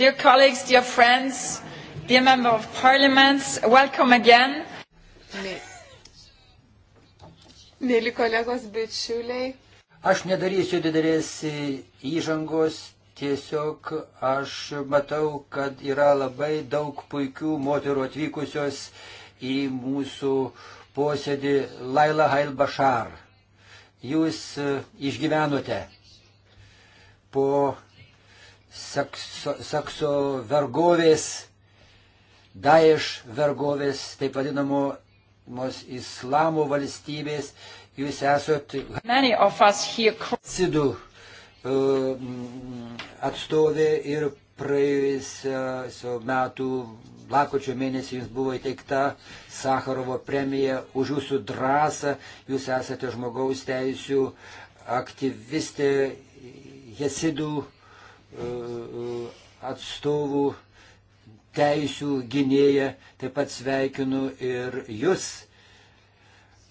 Dear colleagues, dear friends, dear member of parliaments, welcome again. Mėly kolegos bičiuliai. Aš nedarysiu didelės įžangos, tiesiog aš matau, kad yra labai daug puikių moterų atvykusios į mūsų posėdį Laila Hail Bashar. Jūs išgyvenote po sekso, sekso vergovės, Daesh vergovės, taip vadinamo mos islamo valstybės, jūs esat sidų e, atstovė ir praėjusiu metu lakočio mėnesį jums buvo įteikta Sakarovo premija už jūsų drąsą, jūs esate žmogaus teisų aktyvistė Jesidų E, e, atstovų teisių gynėja, taip pat sveikinu ir jūs.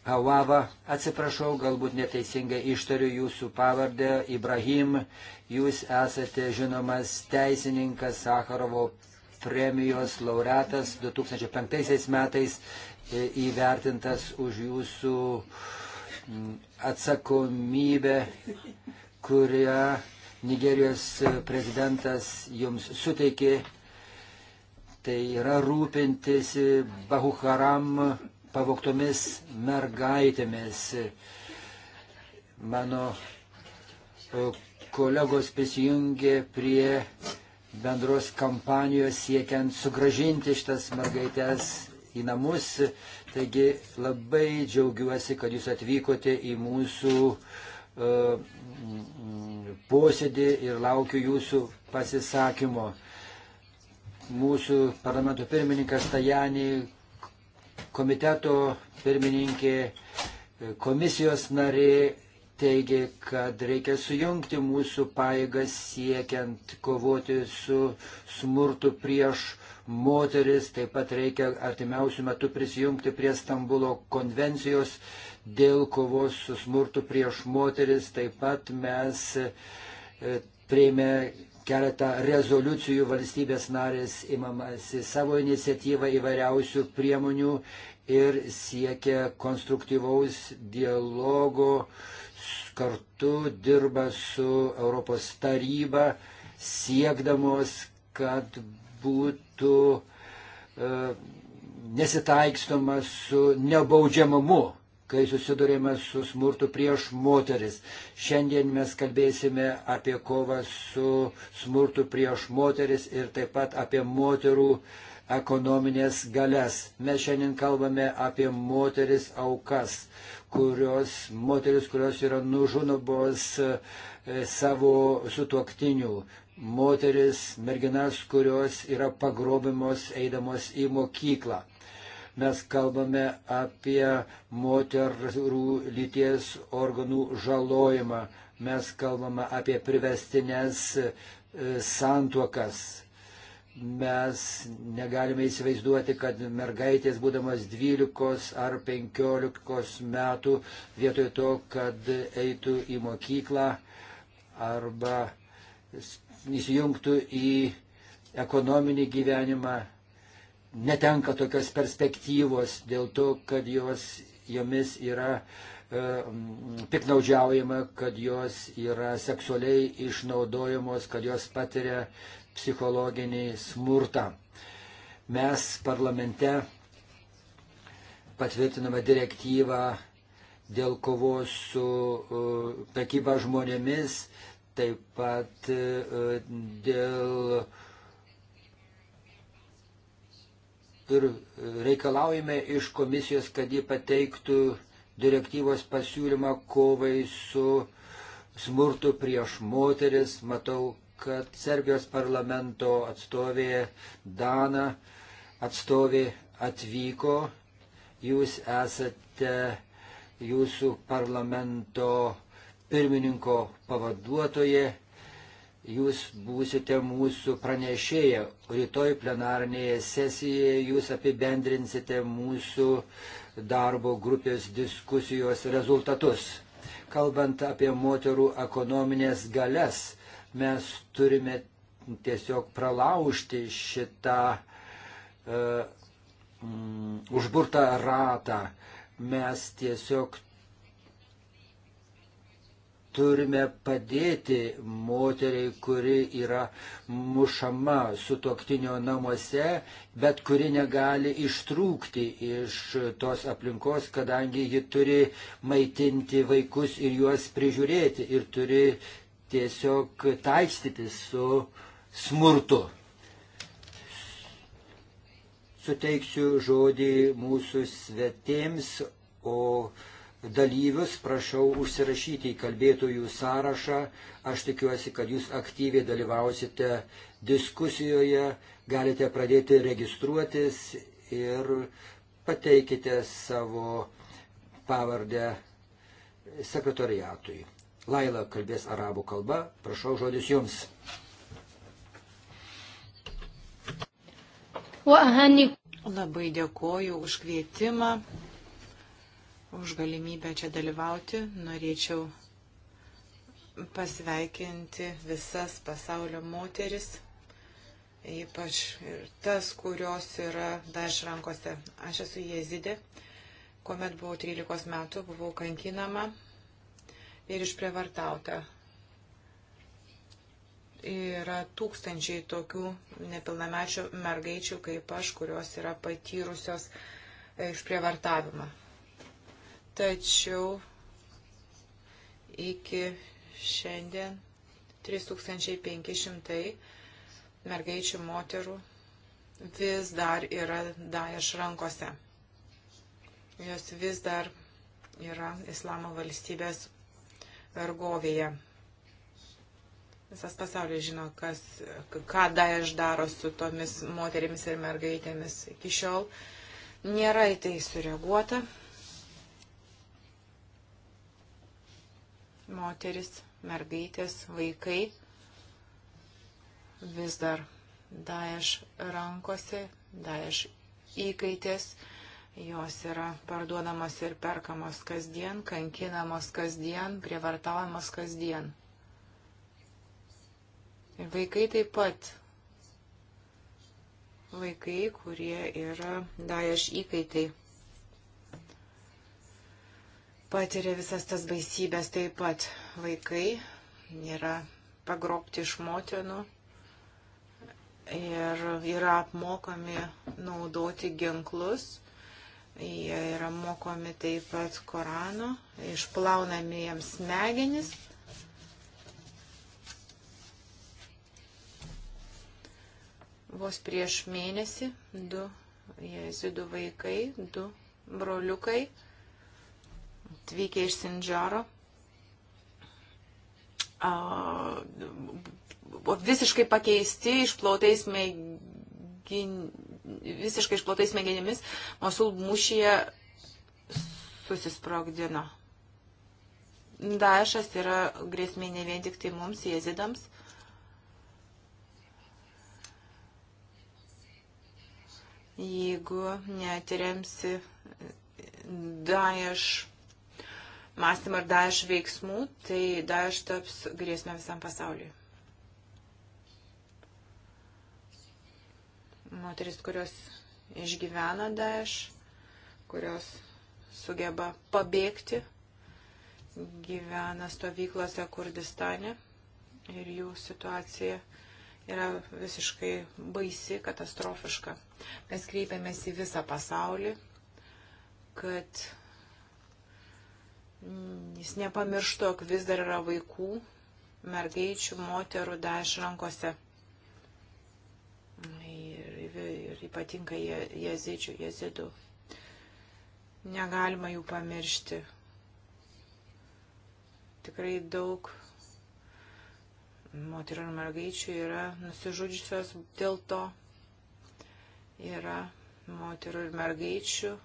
Hawava, atsiprašau, galbūt neteisingai ištariu jūsų pavardę, Ibrahim, jūs esate žinomas teisininkas Sakarovo premijos laureatas 2005 metais e, įvertintas už jūsų mm, atsakomybę, kurią Nigerijos prezidentas jums suteikė, tai yra rūpintis Bahukaram pavoktomis mergaitėmis. Mano e, kolegos prisijungė prie bendros kampanijos siekiant sugražinti šitas mergaitės į namus. Taigi labai džiaugiuosi, kad jūs atvykote į mūsų uh, posėdį ir laukiu jūsų pasisakymo. Mūsų parlamento pirmininkas Tajani, komiteto pirmininkė, komisijos narė teigia, kad reikia sujungti mūsų paėgas siekiant kovoti su smurtu prieš moteris, taip pat reikia artimiausių metų prisijungti prie Stambulo konvencijos dėl kovos su smurtu prieš moteris, taip pat mes e, prieimė keletą rezoliucijų valstybės narės imamasi savo iniciatyvą įvairiausių priemonių ir siekia konstruktyvaus dialogo, kartu dirba su Europos taryba, siekdamos, kad būtų metu nesitaikstoma su nebaudžiamumu, kai susidurėme su smurtu prieš moteris. Šiandien mes kalbėsime apie kovą su smurtu prieš moteris ir taip pat apie moterų ekonominės galias. Mes šiandien kalbame apie moteris aukas, kurios, moteris, kurios yra nužunobos e, savo sutuoktinių moteris, merginas, kurios yra pagrobimos eidamos į mokyklą. Mes kalbame apie moterų lyties organų žalojimą, mes kalbame apie privestinės e, santuokas. Mes negalime įsivaizduoti, kad mergaitės, būdamas 12 ar 15 metų, vietoj to, kad eitų į mokyklą arba įsijungtų į ekonominį gyvenimą, netenka tokios perspektyvos dėl to, kad jos, jomis yra e, piknaudžiaujama, kad jos yra seksualiai išnaudojamos, kad jos patiria psichologinį smurtą. Mes parlamente patvirtinome direktyvą dėl kovos su uh, prekyba žmonėmis, taip pat e, dėl ir reikalaujame iš komisijos, kad ji pateiktų direktyvos pasiūlymą kovai su smurtu prieš moteris. Matau, kad Serbijos parlamento atstovė Dana atstovė atvyko. Jūs esate jūsų parlamento pirmininko pavaduotoje, jūs būsite mūsų pranešėja. Rytoj plenarnėje sesijoje jūs apibendrinsite mūsų darbo grupės diskusijos rezultatus. Kalbant apie moterų ekonominės galias, mes turime tiesiog pralaužti šitą uh, um, užburtą ratą. Mes tiesiog turime padėti moteriai, kuri yra mušama su toktinio namuose, bet kuri negali ištrūkti iš tos aplinkos, kadangi ji turi maitinti vaikus ir juos prižiūrėti ir turi tiesiog taikstyti su smurtu. Suteiksiu žodį mūsų svetėms, o dalyvius, prašau užsirašyti į kalbėtojų sąrašą. Aš tikiuosi, kad jūs aktyviai dalyvausite diskusijoje, galite pradėti registruotis ir pateikite savo pavardę sekretoriatui. Laila kalbės arabų kalba, prašau žodis jums. Labai dėkoju už kvietimą už galimybę čia dalyvauti. Norėčiau pasveikinti visas pasaulio moteris, ypač ir tas, kurios yra daž rankose. Aš esu Jezidė, kuomet buvau 13 metų, buvau kankinama ir išprievartauta. Yra tūkstančiai tokių nepilnamečių mergaičių kaip aš, kurios yra patyrusios e, išprievartavimą. Tačiau iki šiandien 3500 mergaičių moterų vis dar yra Daesh rankose. Jos vis dar yra Islamo valstybės vergovėje. Visas pasaulis žino, kas, ką Daesh daro su tomis moterimis ir mergaitėmis iki šiol. Nėra į tai sureaguota. moteris, mergaitės, vaikai vis dar Daesh rankose, Daesh įkaitės, jos yra parduodamos ir perkamos kasdien, kankinamos kasdien, prievartaujamos kasdien. Ir vaikai taip pat. Vaikai, kurie yra Daesh įkaitai patiria visas tas baisybės taip pat. Vaikai yra pagrobti iš motinų ir yra apmokomi naudoti ginklus. Jie yra mokomi taip pat Korano, išplaunami jiems smegenis. Vos prieš mėnesį du jezidų vaikai, du broliukai atvykę iš Sindžiaro visiškai pakeisti išplautais mėginimis, visiškai išplautais mėginimis Mosul mūšyje susisprogdino. Daešas yra grėsmė ne vien tik tai mums, jezidams. Jeigu netiremsi Daesh mąstymą ar daž veiksmų, tai daž taps grėsmę visam pasauliui. Moteris, kurios išgyvena daž, kurios sugeba pabėgti, gyvena stovyklose Kurdistane ir jų situacija yra visiškai baisi, katastrofiška. Mes kreipiamės į visą pasaulį, kad Mm, jis nepamirštų, jog vis dar yra vaikų, mergaičių, moterų daž rankose. Ir, mm, ir, ir ypatingai je, jezidžių, jezidų. Negalima jų pamiršti. Tikrai daug moterų ir mergaičių yra nusižudžiusios dėl to. Yra moterų ir mergaičių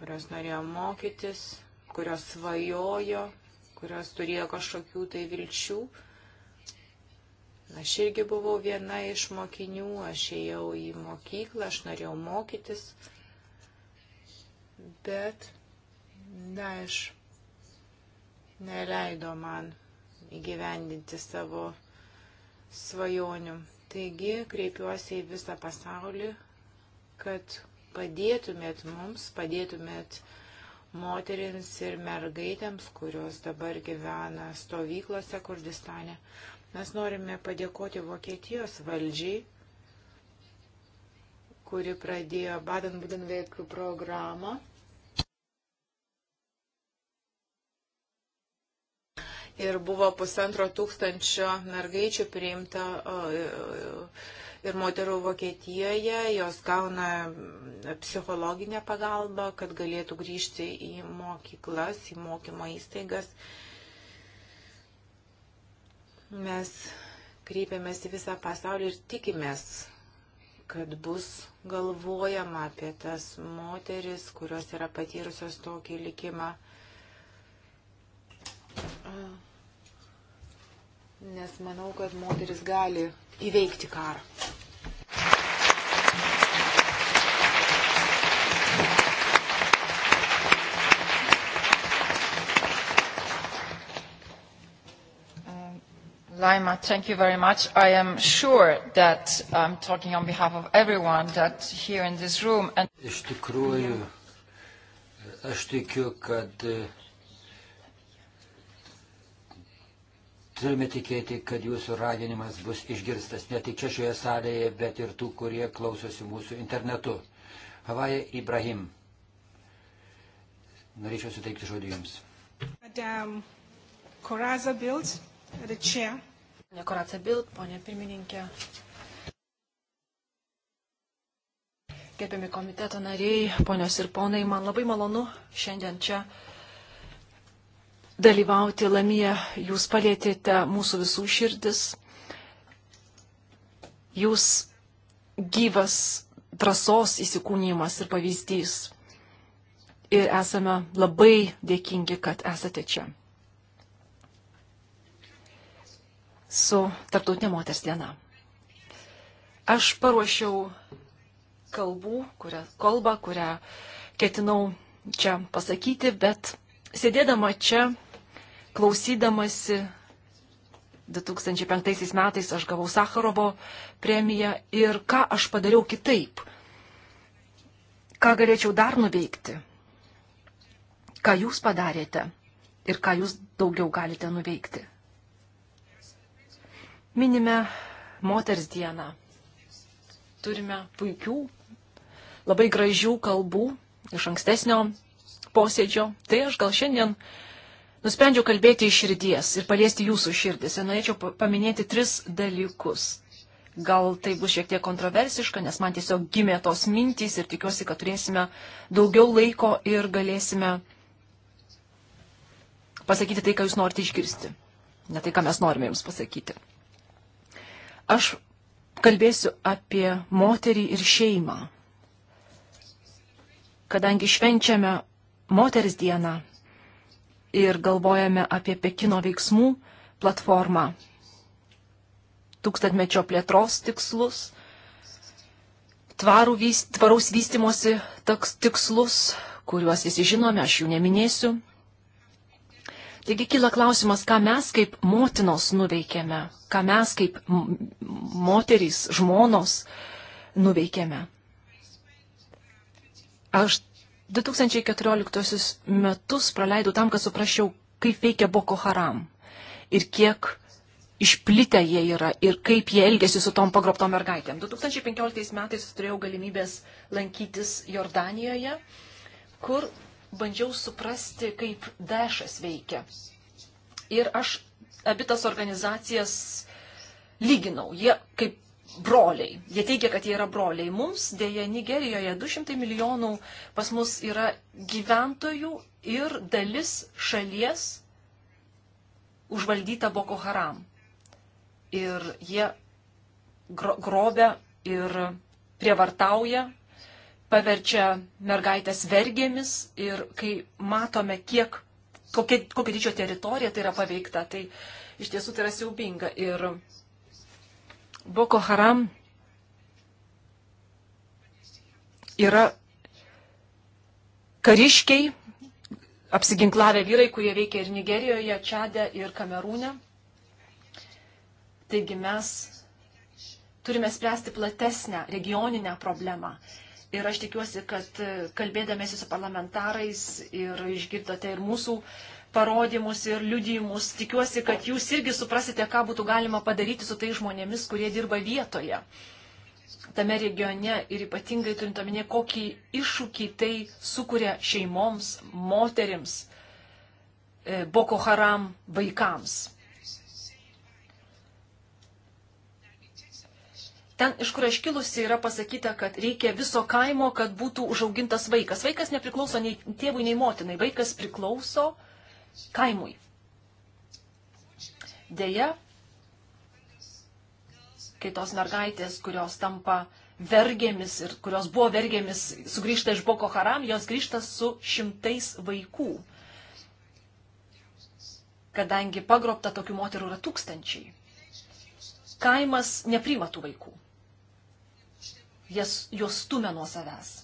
kurios norėjo mokytis, kurios svajojo, kurios turėjo kažkokių tai vilčių. Aš irgi buvau viena iš mokinių, aš ėjau į mokyklą, aš norėjau mokytis, bet, na, aš neleido man įgyvendinti savo svajonių. Taigi kreipiuosi į visą pasaulį, kad padėtumėt mums, padėtumėt moterims ir mergaitėms, kurios dabar gyvena stovyklose Kurdistane. Mes norime padėkoti Vokietijos valdžiai, kuri pradėjo Baden-Budenveik programą. Ir buvo pusantro tūkstančio mergaičių priimta. O, o, o, ir moterų Vokietijoje, jos gauna psichologinę pagalbą, kad galėtų grįžti į mokyklas, į mokymo įstaigas. Mes kreipiamės į visą pasaulį ir tikimės, kad bus galvojama apie tas moteris, kurios yra patyrusios tokį likimą. Uh nes manau, kad moteris gali įveikti karą. Um, Laima, thank you very much. I am sure that I'm talking on behalf of everyone that here in this room and Iš tikrųjų, aš tikiu, kad uh, turime tikėti, kad jūsų raginimas bus išgirstas ne tik čia šioje salėje, bet ir tų, kurie klausosi mūsų internetu. Havaja Ibrahim. Norėčiau suteikti žodį Jums. Madame Coraza Bild, the chair. Ne Coraza Bild, ponė pirmininkė. Gerbiami komiteto nariai, ponios ir ponai, man labai malonu šiandien čia dalyvauti Lamyje. Jūs palėtėte mūsų visų širdis. Jūs gyvas drąsos įsikūnymas ir pavyzdys. Ir esame labai dėkingi, kad esate čia. Su Tartautinė moters diena. Aš paruošiau kalbų, kurią, kalbą, kurią ketinau čia pasakyti, bet sėdėdama čia klausydamasi 2005 metais aš gavau Sakarovo premiją ir ką aš padariau kitaip, ką galėčiau dar nuveikti, ką jūs padarėte ir ką jūs daugiau galite nuveikti. Minime moters dieną. Turime puikių, labai gražių kalbų iš ankstesnio posėdžio. Tai aš gal šiandien uh, Nusprendžiau kalbėti iš širdies ir paliesti jūsų širdis. Ir norėčiau paminėti tris dalykus. Gal tai bus šiek tiek kontroversiška, nes man tiesiog gimė tos mintys ir tikiuosi, kad turėsime daugiau laiko ir galėsime pasakyti tai, ką jūs norite išgirsti. Ne tai, ką mes norime jums pasakyti. Aš kalbėsiu apie moterį ir šeimą. Kadangi švenčiame moters dieną, ir galvojame apie Pekino veiksmų platformą, tūkstantmečio plėtros tikslus, vyst, tvaraus vystimosi tikslus, kuriuos visi žinome, aš jų neminėsiu. Taigi kyla klausimas, ką mes kaip motinos nuveikėme, ką mes kaip moterys, žmonos nuveikėme. Aš 2014 metus praleidau tam, kad suprasčiau, kaip veikia Boko Haram ir kiek išplitę jie yra ir kaip jie elgesi su tom pagrobtom mergaitėm. 2015 metais turėjau galimybės lankytis Jordanijoje, kur bandžiau suprasti, kaip Dešas veikia. Ir aš abitas organizacijas lyginau. Jie kaip broliai. Jie teigia, kad jie yra broliai. Mums dėja Nigerijoje 200 milijonų pas mus yra gyventojų ir dalis šalies užvaldyta Boko Haram. Ir jie gro grobia ir prievartauja, paverčia mergaitės vergėmis ir kai matome, kiek, kokia, kokia didžio teritorija tai yra paveikta, tai iš tiesų tai yra siaubinga. Ir Boko Haram yra kariškiai, apsiginklavę vyrai, kurie veikia ir Nigerijoje, Čade ir Kamerūne. Taigi mes turime spręsti platesnę regioninę problemą. Ir aš tikiuosi, kad kalbėdamėsi su parlamentarais ir išgirdote ir mūsų parodymus ir liudijimus. Tikiuosi, kad jūs irgi suprasite, ką būtų galima padaryti su tai žmonėmis, kurie dirba vietoje tame regione ir ypatingai turint omenyje, kokį iššūkį tai sukuria šeimoms, moterims, e, Boko Haram vaikams. Ten, iš kur aš kilusi, yra pasakyta, kad reikia viso kaimo, kad būtų užaugintas vaikas. Vaikas nepriklauso nei tėvui, nei motinai. Vaikas priklauso uh, kaimui. Deja, kai tos mergaitės, kurios tampa vergėmis ir kurios buvo vergėmis, sugrįžta iš Boko Haram, jos grįžta su šimtais vaikų. Kadangi pagrobta tokių moterų yra tūkstančiai. Kaimas neprima tų vaikų. Jas, juos stumia nuo savęs.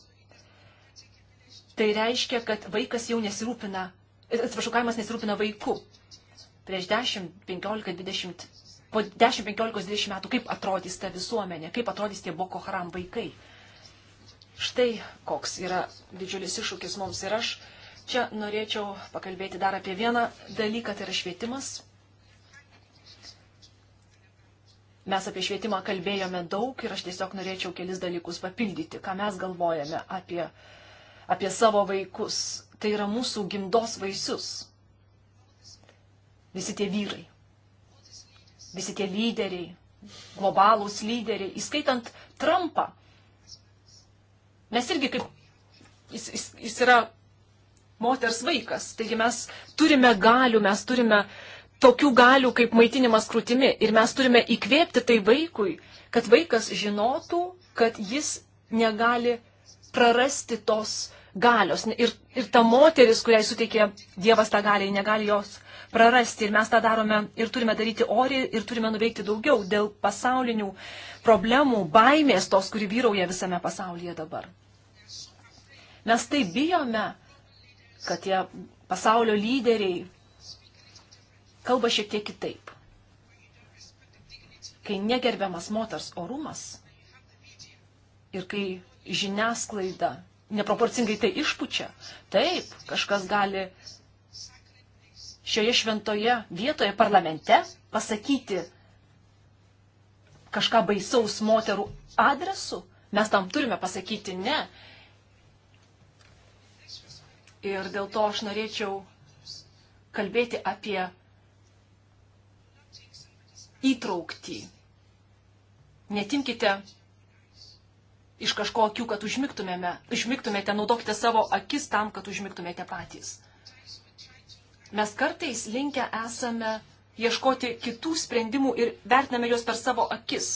Tai reiškia, kad vaikas jau nesirūpina atsiprašau, kaimas nesirūpina vaiku. Prieš 10, 15, 20, po 10, 15, 20 metų, kaip atrodys ta visuomenė, kaip atrodys tie Boko Haram vaikai. Štai koks yra didžiulis iššūkis mums ir aš. Čia norėčiau pakalbėti dar apie vieną dalyką, tai yra švietimas. Mes apie švietimą kalbėjome daug ir aš tiesiog norėčiau kelis dalykus papildyti, ką mes galvojame apie, apie savo vaikus, tai yra mūsų gimdos vaisius. Visi tie vyrai, visi tie lyderiai, globalūs lyderiai, įskaitant Trumpą. Mes irgi kaip jis, jis, jis yra moters vaikas, taigi mes turime galių, mes turime tokių galių kaip maitinimas krūtimi ir mes turime įkvėpti tai vaikui, kad vaikas žinotų, kad jis negali prarasti tos uh, galios. Ir, ir ta moteris, kuriai suteikė Dievas tą galią, negali jos prarasti. Ir mes tą darome ir turime daryti oriai ir turime nuveikti daugiau dėl pasaulinių problemų, baimės tos, kuri vyrauja visame pasaulyje dabar. Mes tai bijome, kad tie pasaulio lyderiai kalba šiek tiek kitaip. Kai negerbiamas moters orumas ir kai žiniasklaida neproporcingai tai išpučia. Taip, kažkas gali šioje šventoje vietoje parlamente pasakyti kažką baisaus moterų adresu. Mes tam turime pasakyti ne. Ir dėl to aš norėčiau kalbėti apie įtraukti. Netimkite iš kažko akių, kad užmigtumėte, naudokite savo akis tam, kad užmigtumėte patys. Mes kartais linkę esame ieškoti kitų sprendimų ir vertiname juos per savo akis.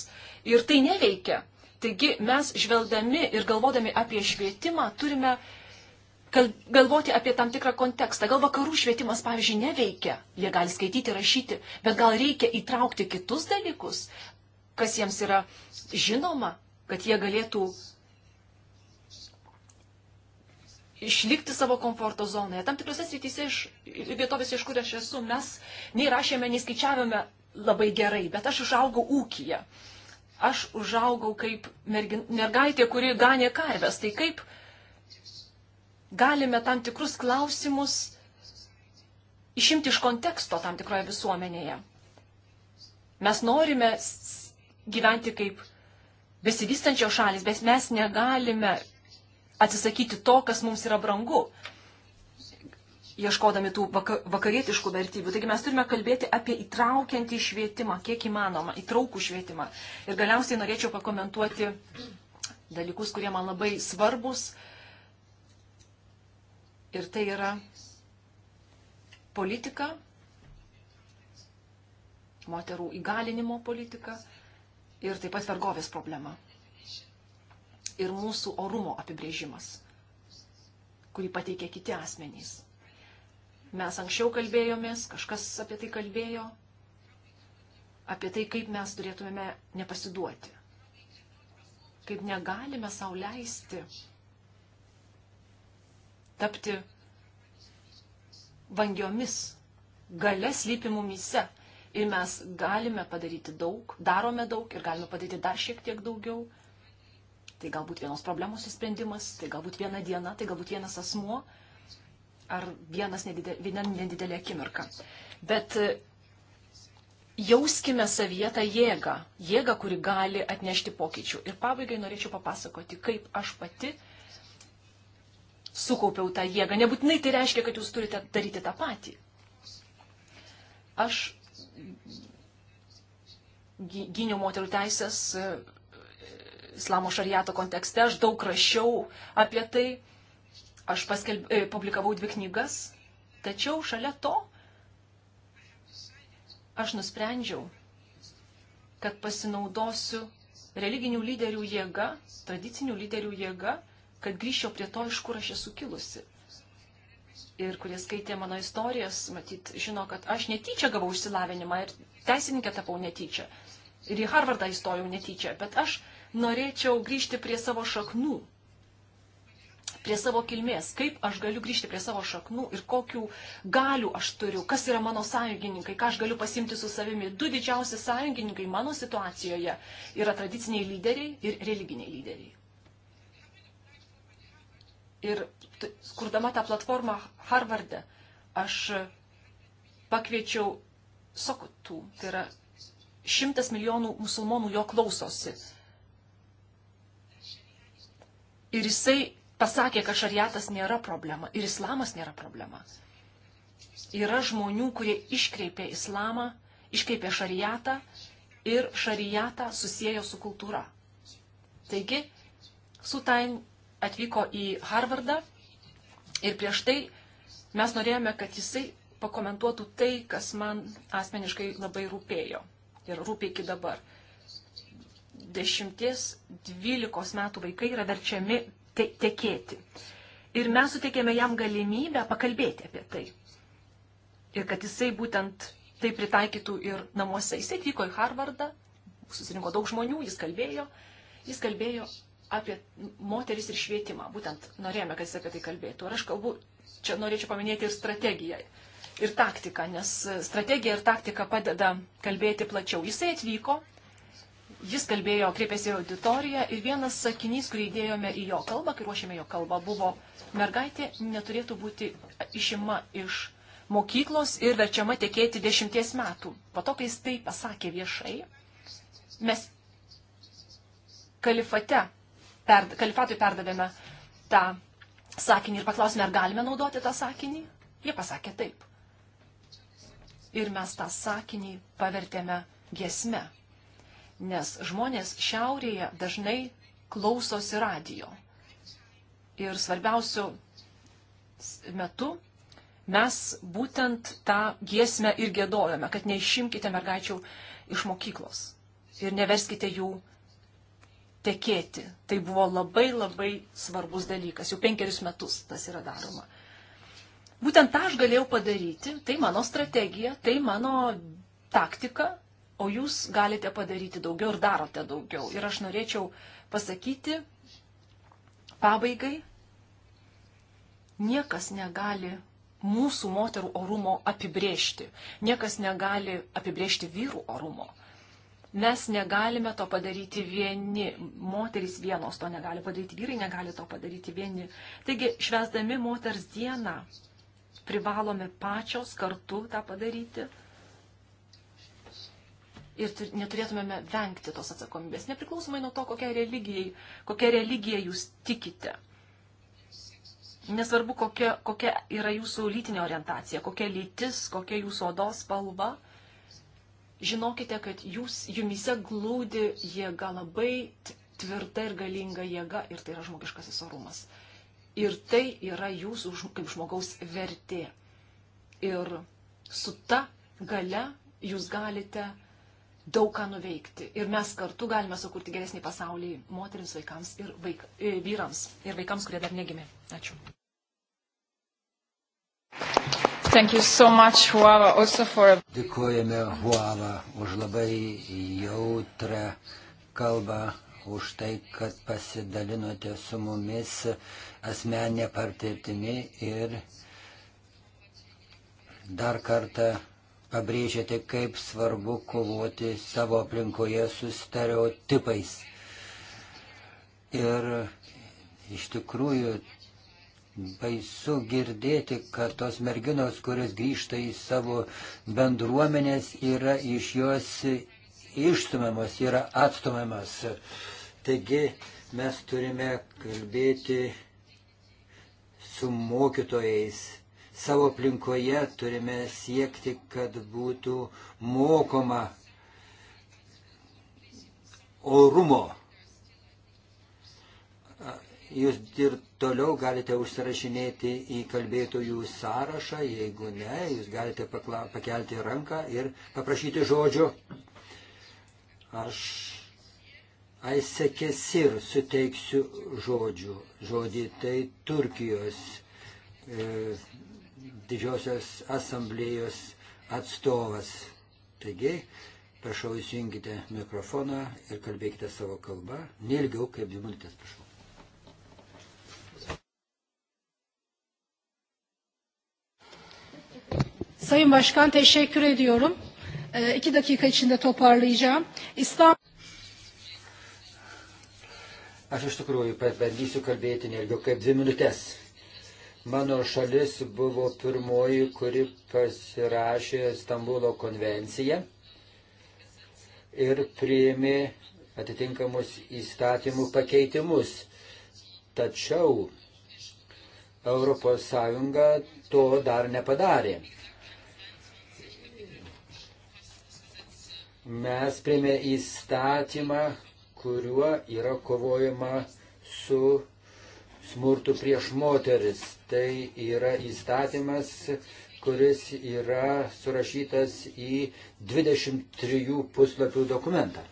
Ir tai neveikia. Taigi mes žvelgdami ir galvodami apie švietimą turime galvoti apie tam tikrą kontekstą. Gal vakarų švietimas, pavyzdžiui, neveikia. Jie gali skaityti, rašyti, bet gal reikia įtraukti kitus dalykus, kas jiems yra žinoma, kad jie galėtų išlikti savo komforto zonoje. Tam tikrose srityse iš vietovės, iš kur aš esu, mes nei rašėme, nei skaičiavome labai gerai, bet aš užaugau ūkiją. Aš užaugau kaip mergin, mergaitė, kuri ganė karves. Tai kaip galime tam tikrus klausimus išimti iš konteksto tam tikroje visuomenėje. Mes norime gyventi kaip besivystančios šalis, bet mes negalime atsisakyti to, kas mums yra brangu, ieškodami tų vakarietiškų vertybių. Taigi mes turime kalbėti apie įtraukiantį švietimą, kiek įmanoma, įtraukų švietimą. Ir galiausiai norėčiau pakomentuoti dalykus, kurie man labai svarbus. Ir tai yra politika, moterų įgalinimo politika ir taip pat vergovės problema. Ir mūsų orumo apibrėžimas, kurį pateikė kiti asmenys. Mes anksčiau kalbėjomės, kažkas apie tai kalbėjo, apie tai, kaip mes turėtumėme nepasiduoti, kaip negalime sau leisti tapti vangiomis, galės lypi mumise ir mes galime padaryti daug, darome daug ir galime padaryti dar šiek tiek daugiau. Tai galbūt vienos problemos įsprendimas, tai galbūt viena diena, tai galbūt vienas asmuo ar vienas nedidelė, viena nedidelė akimirka. Bet e, jauskime savyje tą jėgą, jėgą, kuri gali atnešti pokyčių. Ir pabaigai norėčiau papasakoti, kaip aš pati sukaupiau tą jėgą. Nebūtinai tai reiškia, kad jūs turite daryti tą patį. Aš gyniau moterų teisės e, islamo šariato kontekste, aš daug rašiau apie tai, aš paskelb, e, publikavau dvi knygas, tačiau šalia to aš nusprendžiau, kad pasinaudosiu religinių lyderių jėga, tradicinių lyderių jėga, kad grįžčiau prie to, iš kur aš esu kilusi ir kurie skaitė mano istorijas, matyt, žino, kad aš netyčia gavau išsilavinimą ir teisininkė tapau netyčia. Ir į Harvardą įstojau netyčia, bet aš norėčiau grįžti prie savo šaknų, prie savo kilmės, kaip aš galiu grįžti prie savo šaknų ir kokių galių aš turiu, kas yra mano sąjungininkai, ką aš galiu pasimti su savimi. Du didžiausi sąjungininkai mano situacijoje yra tradiciniai lyderiai ir religiniai lyderiai. Ir kurdama tą platformą Harvarde, aš pakviečiau Sokutų, tai yra šimtas milijonų musulmonų jo klausosi. Ir jisai pasakė, kad šariatas nėra problema ir islamas nėra problema. Yra žmonių, kurie iškreipė islamą, iškreipė šariatą ir šariatą susijęjo su kultūra. Taigi, Sutain atvyko į Harvardą ir prieš tai mes norėjome, kad jisai pakomentuotų tai, kas man asmeniškai labai rūpėjo ir rūpė iki dabar. 10-12 metų vaikai yra verčiami te tekėti. Ir mes suteikėme jam galimybę pakalbėti apie tai. Ir kad jisai būtent tai pritaikytų ir namuose. Jis atvyko į Harvardą, susirinko daug žmonių, jis kalbėjo, jis kalbėjo apie moteris ir švietimą. Būtent norėjome, kad jis apie tai kalbėtų. Ir aš kalbu, čia norėčiau paminėti ir strategiją, ir taktiką, nes strategija ir taktika padeda kalbėti plačiau. Jisai atvyko, jis kalbėjo, kreipėsi į auditoriją ir vienas sakinys, kurį įdėjome į jo kalbą, kai ruošėme jo kalbą, buvo, mergaitė neturėtų būti išima iš mokyklos ir verčiama tekėti dešimties metų. Po to, kai jis tai pasakė viešai, mes kalifate per, kalifatui perdavėme tą sakinį ir paklausime, ar galime naudoti tą sakinį. Jie pasakė taip. Ir mes tą sakinį pavertėme gesme, nes žmonės šiaurėje dažnai klausosi radio. Ir svarbiausiu metu mes būtent tą giesmę ir gėdojame, kad neišimkite mergaičių iš mokyklos ir neverskite jų tekėti. Tai buvo labai labai svarbus dalykas. Jau penkerius metus tas yra daroma. Būtent tą aš galėjau padaryti, tai mano strategija, tai mano taktika, o jūs galite padaryti daugiau ir darote daugiau. Ir aš norėčiau pasakyti pabaigai, niekas negali mūsų moterų orumo apibrėžti, niekas negali apibrėžti vyrų orumo. Mes negalime to padaryti vieni, moterys vienos to negali padaryti, vyrai negali to padaryti vieni. Taigi, švesdami moters dieną, privalome pačios kartu tą padaryti ir neturėtumėme vengti tos atsakomybės, nepriklausomai nuo to, kokią religiją, kokią religiją jūs tikite. Nesvarbu, kokia, kokia yra jūsų lytinė orientacija, kokia lytis, kokia jūsų odos spalva, žinokite, kad jūs, jumise glūdi jėga labai tvirta ir galinga jėga ir tai yra žmogiškasis orumas. Ir tai yra jūsų kaip žmogaus vertė. Ir su ta gale jūs galite daug ką nuveikti. Ir mes kartu galime sukurti geresnį pasaulį moteriams, vaikams ir vaik, e, vyrams ir vaikams, kurie dar negimė. Ačiū. So much, Huava, for... Dėkojame Huava už labai jautrą kalbą, už tai, kad pasidalinote su mumis asmenė partirtimi ir dar kartą pabrėžėte, kaip svarbu kovoti savo aplinkoje su stereotipais. Ir iš tikrųjų Baisu girdėti, kad tos merginos, kurios grįžta į savo bendruomenės, yra iš jos išstumiamas, yra atstumiamas. Taigi mes turime kalbėti su mokytojais. Savo aplinkoje turime siekti, kad būtų mokoma orumo Jūs ir toliau galite užsirašinėti į kalbėtojų sąrašą, jeigu ne, jūs galite pakla, pakelti ranką ir paprašyti žodžio. Aš Aisekesir suteiksiu žodžių, žodį tai Turkijos e, didžiosios asamblėjos atstovas. Taigi, prašau įsijungite mikrofoną ir kalbėkite savo kalbą, neilgiau kaip dvi minutės, prašau. Sayın Başkan teşekkür ediyorum. E, iki dakika içinde toparlayacağım. İstanbul Aš iš tikrųjų pabandysiu kalbėti nelgiau kaip dvi minutės. Mano šalis buvo pirmoji, kuri pasirašė Stambulo konvenciją ir priėmė atitinkamus įstatymų pakeitimus. Tačiau ES to dar nepadarė. mes priėmė įstatymą, kuriuo yra kovojama su smurtu prieš moteris. Tai yra įstatymas, kuris yra surašytas į 23 puslapių dokumentą.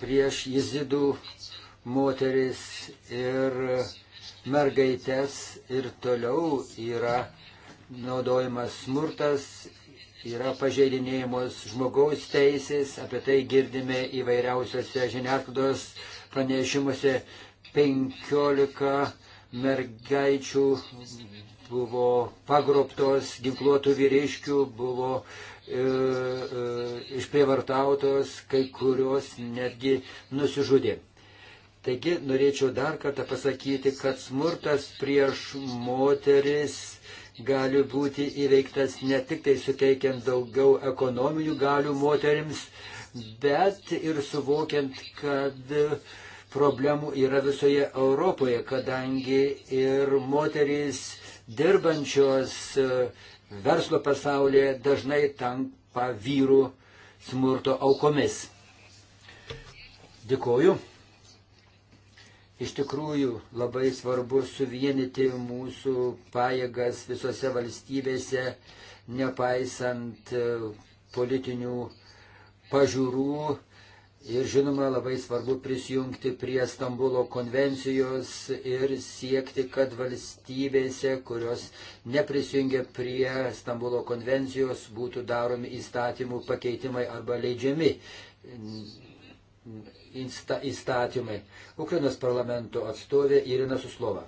Prieš jizidų moteris ir mergaitės ir toliau yra naudojimas smurtas, yra pažeidinėjimos žmogaus teisės, apie tai girdime įvairiausiose žiniasklaidos pranešimuose 15 mergaičių buvo pagrobtos, ginkluotų vyriškių buvo e, e, išprievartautos, kai kurios netgi nusižudė. Taigi norėčiau dar kartą pasakyti, kad smurtas prieš moteris gali būti įveiktas ne tik tai suteikiant daugiau ekonominių galių moterims, bet ir suvokiant, kad problemų yra visoje Europoje, kadangi ir moterys dirbančios e, verslo pasaulyje dažnai tampa vyrų smurto aukomis. Dėkuoju iš tikrųjų labai svarbu suvienyti mūsų pajėgas visose valstybėse, nepaisant e, politinių pažiūrų. Ir žinoma, labai svarbu prisijungti prie Stambulo konvencijos ir siekti, kad valstybėse, kurios neprisijungia prie Stambulo konvencijos, būtų daromi įstatymų pakeitimai arba leidžiami įstatymai. Ukrainos parlamento atstovė Irina Suslova.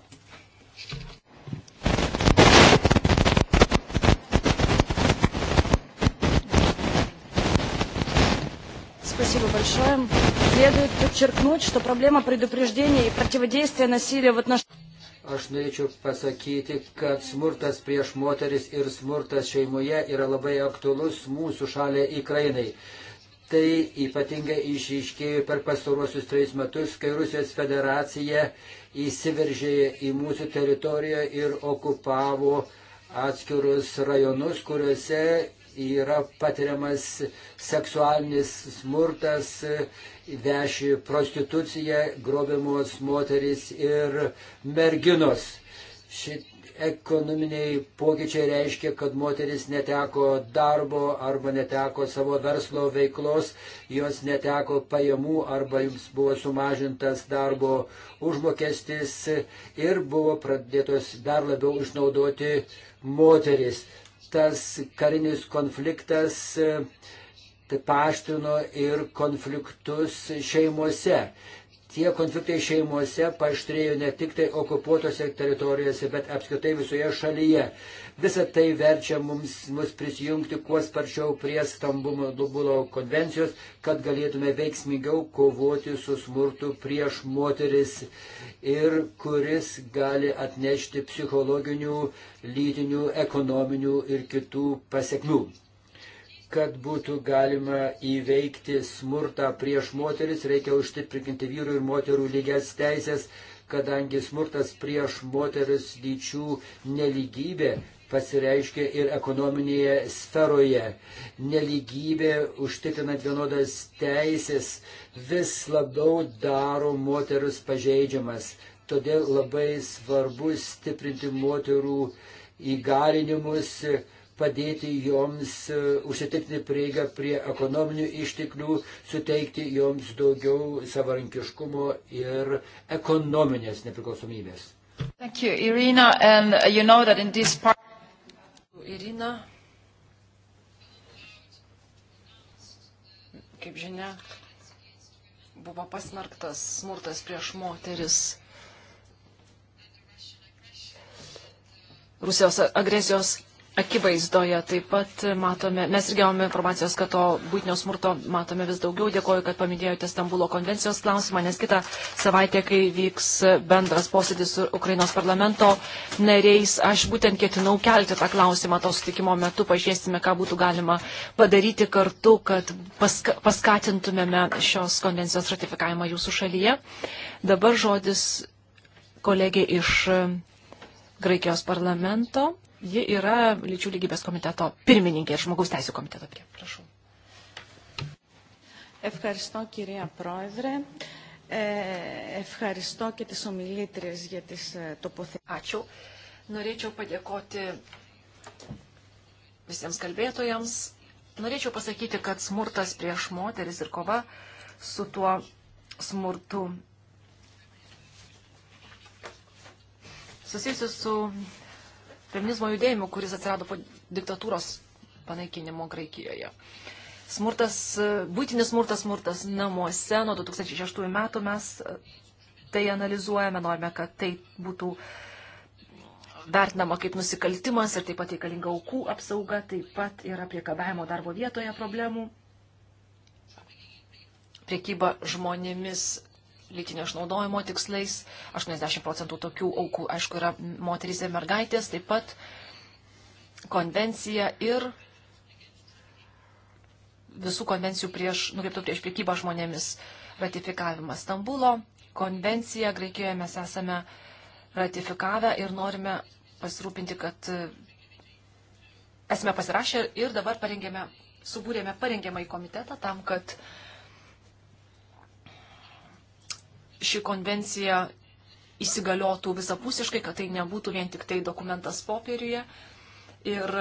Спасибо большое. Следует подчеркнуть, что проблема предупреждения и противодействия насилию в отношении... Aš norėčiau pasakyti, kad smurtas prieš moteris ir smurtas šeimoje yra labai aktualus mūsų šaliai Ukrainai. Tai ypatingai išiškėjo per pastaruosius trejus metus, kai Rusijos federacija įsiveržė į mūsų teritoriją ir okupavo atskirus rajonus, kuriuose yra patiriamas seksualinis smurtas, veši prostitucija, grobiamos moteris ir merginos. Šit ekonominiai pokyčiai reiškia, kad moteris neteko darbo arba neteko savo verslo veiklos, jos neteko pajamų arba jums buvo sumažintas darbo užmokestis ir buvo pradėtos dar labiau išnaudoti moteris. Tas karinis konfliktas e, tai paštino ir konfliktus šeimose. Tie konfliktai šeimose paštrėjo ne tik tai okupuotose teritorijose, bet apskritai visoje šalyje. Visą tai verčia mums, mus prisijungti kuo sparčiau prie Stambumo Dubulo konvencijos, kad galėtume veiksmingiau kovoti su smurtu prieš moteris ir kuris gali atnešti psichologinių, lytinių, ekonominių ir kitų pasiekmių kad būtų galima įveikti smurtą prieš moteris, reikia užtiprinti vyrų ir moterų lygias teisės, kadangi smurtas prieš moteris lyčių neligybė pasireiškia ir ekonominėje sferoje. Neligybė užtikrinant vienodas teisės vis labiau daro moteris pažeidžiamas. Todėl labai svarbu stiprinti moterų įgalinimus, padėti joms e, užsitikti prieigą prie ekonominių išteklių, suteikti joms daugiau savarankiškumo ir ekonominės nepriklausomybės. Thank you, Irina. And you know that in this part... Irina. Kaip žinia, buvo pasmerktas smurtas prieš moteris. Rusijos agresijos akivaizdoje. Taip pat matome, mes ir gavome informacijos, kad to būtinio smurto matome vis daugiau. Dėkoju, kad paminėjote Stambulo konvencijos klausimą, nes kitą savaitę, kai vyks bendras posėdis su Ukrainos parlamento nariais, aš būtent ketinau kelti tą klausimą to sutikimo metu. Pažiūrėsime, ką būtų galima padaryti kartu, kad paska paskatintumėme šios konvencijos ratifikavimą jūsų šalyje. Dabar žodis kolegė iš Graikijos parlamento. Ji yra lyčių lygybės komiteto pirmininkė ir žmogaus teisų komiteto prie. Prašau. Ευχαριστώ κυρία Πρόεδρε. Ε, ευχαριστώ και τις ομιλήτριες για τις τοποθετήσεις. Ačiū. Norėčiau padėkoti visiems kalbėtojams. Norėčiau pasakyti, kad smurtas prieš moteris ir kova su tuo smurtu susijusi su feminizmo judėjimu, kuris atsirado po diktatūros panaikinimo Graikijoje. Smurtas, būtinis smurtas, smurtas namuose nuo 2006 metų mes tai analizuojame, norime, kad tai būtų vertinama kaip nusikaltimas ir taip pat reikalinga aukų apsauga, taip pat yra priekabėjimo darbo vietoje problemų. Priekyba žmonėmis lytinio išnaudojimo tikslais. 80 procentų tokių aukų, aišku, yra moterys ir mergaitės, taip pat konvencija ir visų konvencijų prieš, nukreiptų prieš priekybą žmonėmis ratifikavimas. Stambulo konvencija Graikijoje mes esame ratifikavę ir norime pasirūpinti, kad e, esame pasirašę ir dabar parengėme, subūrėme parengiamąjį komitetą tam, kad uh, ši konvencija įsigaliotų visapusiškai, kad tai nebūtų vien tik tai dokumentas popieriuje. Ir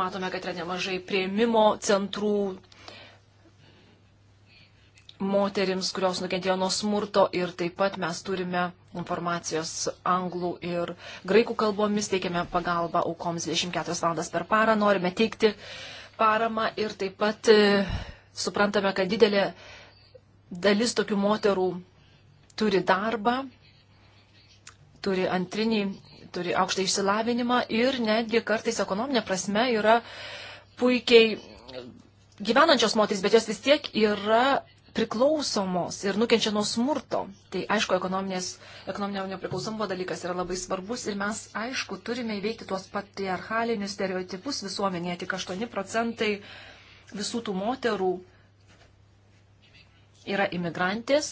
matome, kad yra nemažai prieimimo centrų moterims, kurios nukentėjo nuo smurto ir taip pat mes turime informacijos anglų ir graikų kalbomis, teikiame pagalbą aukoms 24 valandas per parą, norime teikti paramą ir taip pat e, suprantame, kad didelė Dalis tokių moterų turi darbą, turi antrinį, turi aukštą išsilavinimą ir netgi kartais ekonominė prasme yra puikiai gyvenančios moteris, bet jos vis tiek yra priklausomos ir nukenčia nuo smurto. Tai aišku, ekonominio nepriklausomumo dalykas yra labai svarbus ir mes, aišku, turime įveikti tuos patriarchalinius stereotipus visuomenėje. Tik 8 procentai visų tų moterų yra imigrantės,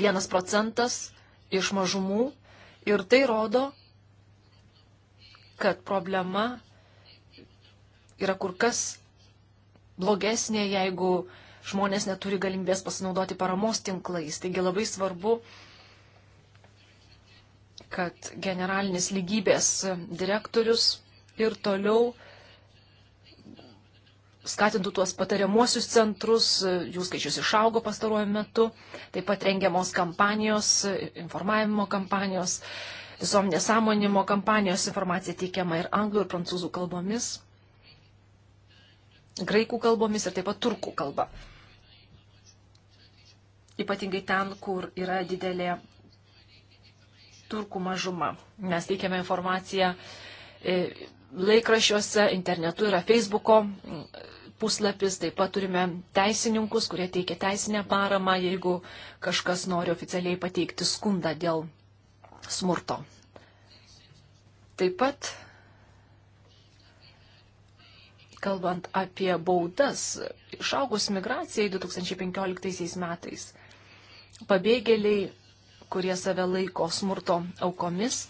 vienas procentas iš mažumų ir tai rodo, kad problema yra kur kas blogesnė, jeigu žmonės neturi galimybės pasinaudoti paramos tinklais. Taigi labai svarbu, kad generalinis lygybės direktorius ir toliau skatintų tuos patariamuosius centrus, jų skaičius išaugo pastaruoju metu, taip pat rengiamos kampanijos, informavimo kampanijos, visuomenės sąmonimo kampanijos informacija teikiama ir anglų ir prancūzų kalbomis, graikų kalbomis ir taip pat turkų kalba. Ypatingai ten, kur yra didelė turkų mažuma. Mes teikiame informaciją e, laikrašiuose, internetu yra Facebooko puslapis, taip pat turime teisininkus, kurie teikia teisinę paramą, jeigu kažkas nori oficialiai pateikti skundą dėl smurto. Taip pat, kalbant apie baudas, išaugus migracijai 2015 metais, pabėgėliai, kurie save laiko smurto aukomis,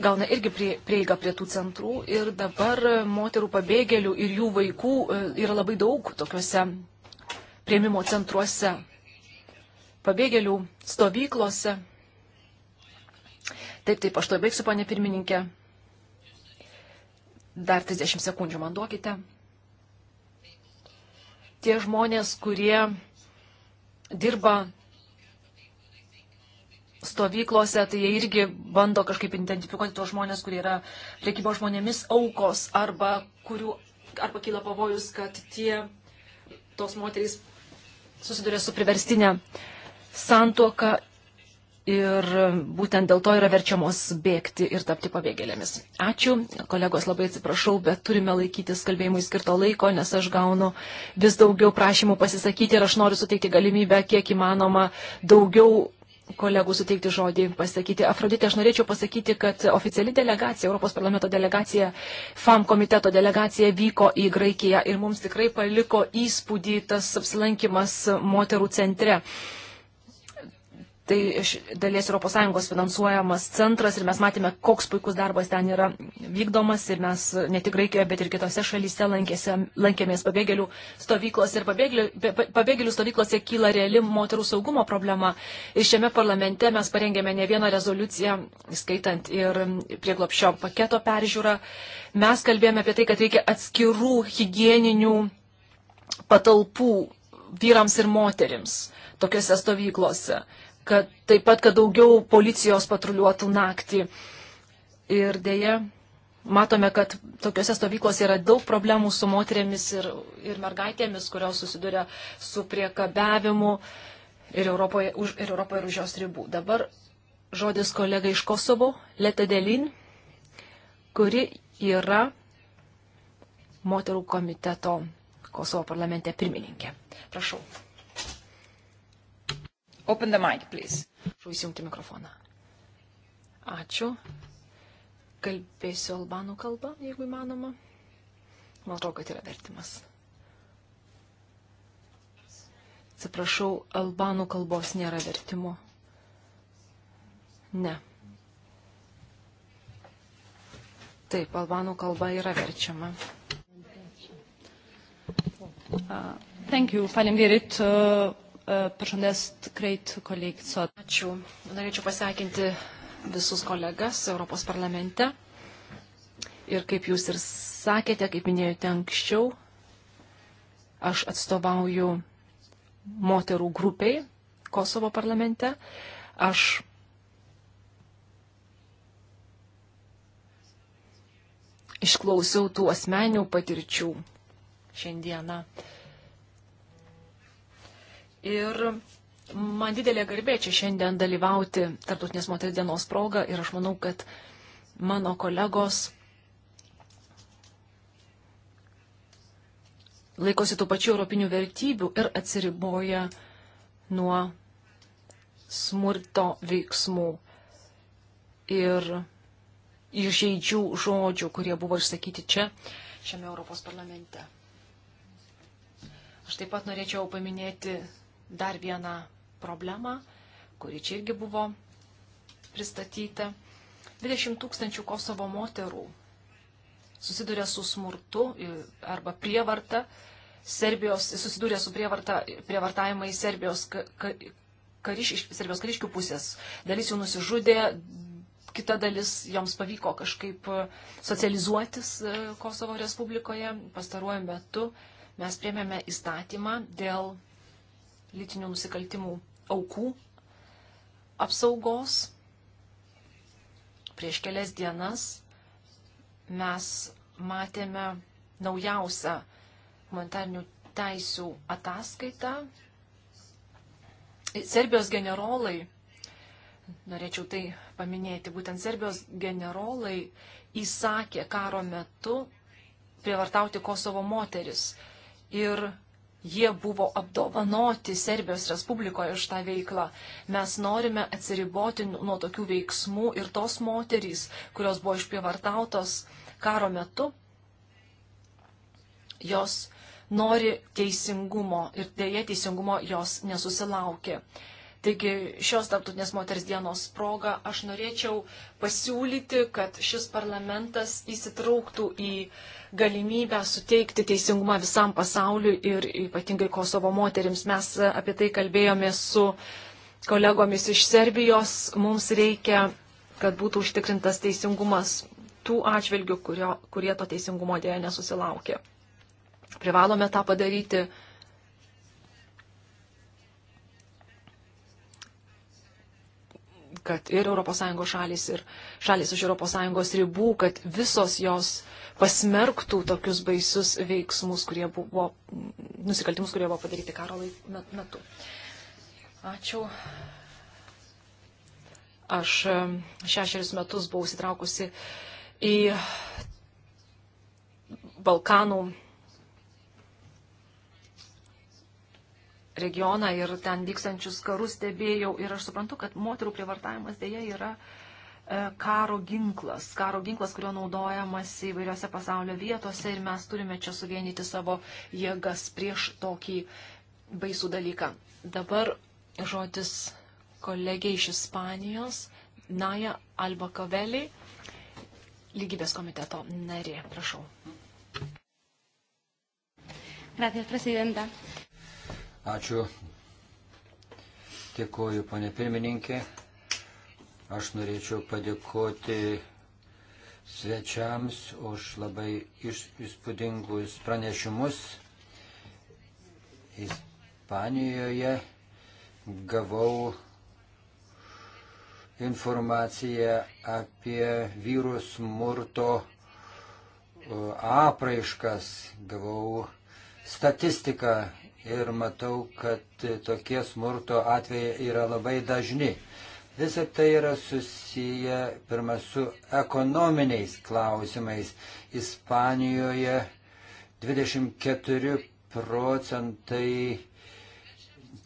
gauna irgi prie, prieigą prie tų centrų ir dabar moterų pabėgėlių ir jų vaikų e, yra labai daug tokiuose prieimimo centruose, pabėgėlių stovyklose. Taip, taip, aš to baigsiu, ponė pirmininkė. Dar 30 sekundžių man duokite. Tie žmonės, kurie dirba stovyklose, tai jie irgi bando kažkaip identifikuoti tos žmonės, kurie yra priekybo žmonėmis aukos arba, kurių, arba kyla pavojus, kad tie tos moterys susiduria su priverstinė santuoka ir būtent dėl to yra verčiamos bėgti ir tapti pabėgėlėmis. Ačiū, kolegos, labai atsiprašau, bet turime laikytis kalbėjimui skirto laiko, nes aš gaunu vis daugiau prašymų pasisakyti ir aš noriu suteikti galimybę kiek įmanoma daugiau kolegų suteikti žodį pasakyti. Afroditė, aš norėčiau pasakyti, kad oficiali delegacija, Europos parlamento delegacija, FAM komiteto delegacija vyko į Graikiją ir mums tikrai paliko įspūdį tas apsilankimas moterų centre. Uh, tai iš dalies ES finansuojamas centras ir mes matėme, koks puikus darbas ten yra vykdomas ir mes ne tik Graikijoje, bet ir kitose šalyse lankėse, lankėmės pabėgėlių stovyklose ir pabėgėlių, pabėgėlių stovyklose kyla reali moterų saugumo problema. Ir šiame parlamente mes parengėme ne vieną rezoliuciją, skaitant ir prieglopščio paketo peržiūrą. Mes kalbėjome apie tai, kad reikia atskirų hygieninių patalpų vyrams ir moterims tokiuose stovyklose kad taip pat, kad daugiau policijos patruliuotų naktį. Ir dėja, matome, kad tokiuose stovyklose yra daug problemų su moteriamis ir, ir mergaitėmis, kurios susiduria su priekabiavimu ir Europoje, už, ir Europoje ir už jos ribų. Dabar žodis kolega iš Kosovo, Leta Delin, kuri yra moterų komiteto Kosovo parlamente pirmininkė. Prašau. Open the mic, please. Prašau įsijungti mikrofoną. Ačiū. Kalbėsiu albanų kalbą, jeigu įmanoma. Man atrodo, kad yra vertimas. Atsiprašau, albanų kalbos nėra vertimo. Ne. Taip, albanų kalba yra verčiama. Uh, thank you, falimgerit. Uh, E, pažanės tikrai kolegų. Ačiū. Norėčiau pasveikinti visus kolegas Europos parlamente. Ir kaip jūs ir sakėte, kaip minėjote anksčiau, aš atstovauju moterų grupiai Kosovo parlamente. Aš išklausiau tų asmenių patirčių šiandieną. Uh, Ir man didelė garbė čia šiandien dalyvauti Tartutinės moters dienos proga ir aš manau, kad mano kolegos laikosi tų pačių europinių vertybių ir atsiriboja nuo smurto veiksmų ir įžeidžių žodžių, kurie buvo išsakyti čia, šiame Europos parlamente. Aš taip pat norėčiau paminėti dar vieną problemą, kuri čia irgi buvo pristatyta. 20 tūkstančių Kosovo moterų susiduria su smurtu arba prievarta. Serbijos susidūrė su prievarta, prievartavimai Serbijos, kariš, Serbijos kariškių pusės. Dalis jų nusižudė, kita dalis joms pavyko kažkaip socializuotis e, Kosovo Respublikoje. Pastaruoju metu mes priemėme įstatymą dėl lytinių nusikaltimų aukų apsaugos. Prieš kelias dienas mes matėme naujausią humanitarnių teisių ataskaitą. Serbijos generolai, norėčiau tai paminėti, būtent Serbijos generolai įsakė karo metu prievartauti Kosovo moteris. Ir Jie buvo apdovanoti Serbijos Respublikoje už tą veiklą. Mes norime atsiriboti nuo tokių veiksmų ir tos moterys, kurios buvo išpievartautos karo metu, jos nori teisingumo ir dėja teisingumo jos nesusilaukė. Taigi šios tarptautinės moters dienos proga aš norėčiau pasiūlyti, kad šis parlamentas įsitrauktų į uh, galimybę suteikti teisingumą visam pasauliu ir ypatingai Kosovo moterims. Mes apie tai kalbėjome su kolegomis iš Serbijos. Mums reikia, kad būtų užtikrintas teisingumas tų atžvilgių, kurio, kurie to teisingumo dėja nesusilaukė. Privalome tą padaryti. kad ir ES šalis, ir šalis už ES ribų, kad visos jos uh, pasmerktų tokius baisius veiksmus, kurie buvo, nusikaltimus, kurie buvo padaryti karo metu. Ačiū. Aš šešerius metus buvau įsitraukusi į Balkanų regioną ir ten vykstančius karus stebėjau ir aš suprantu, kad moterų prievartavimas dėja yra uh, E, karo ginklas, karo ginklas, kurio naudojamas įvairiose pasaulio vietose ir mes turime čia suvienyti savo jėgas prieš tokį baisų dalyką. Dabar žodis kolegė iš Ispanijos, Naja Albakavelį, lygybės komiteto narė. Prašau. Gracias, prezidenta. Ačiū. Dėkuoju, ponė pirmininkė. Aš norėčiau padėkoti svečiams už labai iš, įspūdingus pranešimus. Ispanijoje gavau informaciją apie vyrų smurto apraiškas, gavau statistiką ir matau, kad tokie smurto atvejai yra labai dažni. Visa tai yra susiję pirmą su ekonominiais klausimais. Ispanijoje 24 procentai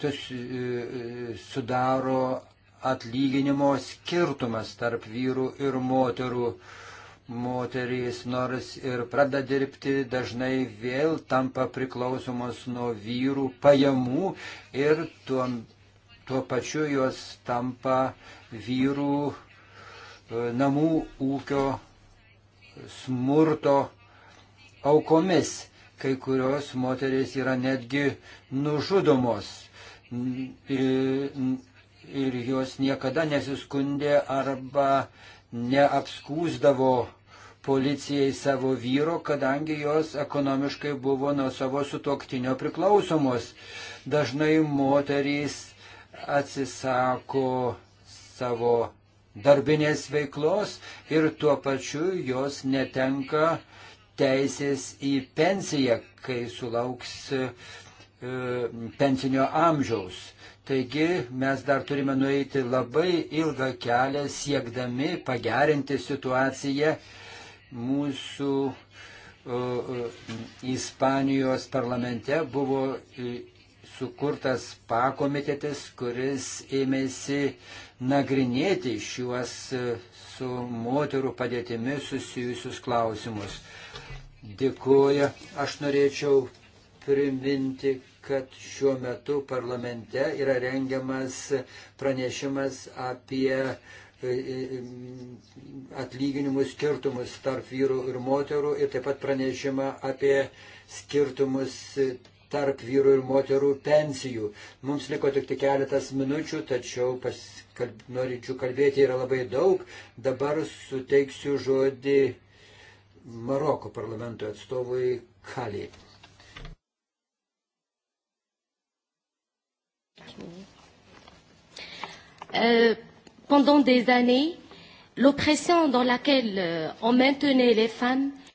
e, e, sudaro atlyginimo skirtumas tarp vyrų ir moterų moterys nors ir pradeda dirbti, dažnai vėl tampa priklausomos nuo vyrų pajamų ir tuom tuo pačiu jos tampa vyrų e, namų ūkio smurto aukomis. Kai kurios moteris yra netgi nužudomos ir, ir jos niekada nesiskundė arba neapskūsdavo policijai savo vyro, kadangi jos ekonomiškai buvo nuo savo sutoktinio priklausomos. Dažnai moterys atsisako savo darbinės veiklos ir tuo pačiu jos netenka teisės į pensiją, kai sulauks e, pensinio amžiaus. Taigi mes dar turime nueiti labai ilgą kelią siekdami pagerinti situaciją mūsų uh, Ispanijos parlamente buvo e, sukurtas pakomitetis, kuris ėmėsi nagrinėti šiuos e, su moterų padėtimi susijusius klausimus. Dėkuoju. Aš norėčiau priminti, kad šiuo metu parlamente yra rengiamas pranešimas apie e, e, atlyginimų skirtumus tarp vyrų ir moterų ir taip pat pranešimą apie skirtumus tarp vyrų ir moterų pensijų. Mums liko tik keletas minučių, tačiau paskalb, norinčių kalbėti yra labai daug. Dabar suteiksiu žodį Maroko parlamento atstovui Kali. Euh, pendant des années, l'oppression dans laquelle euh, on maintenait les femmes euh,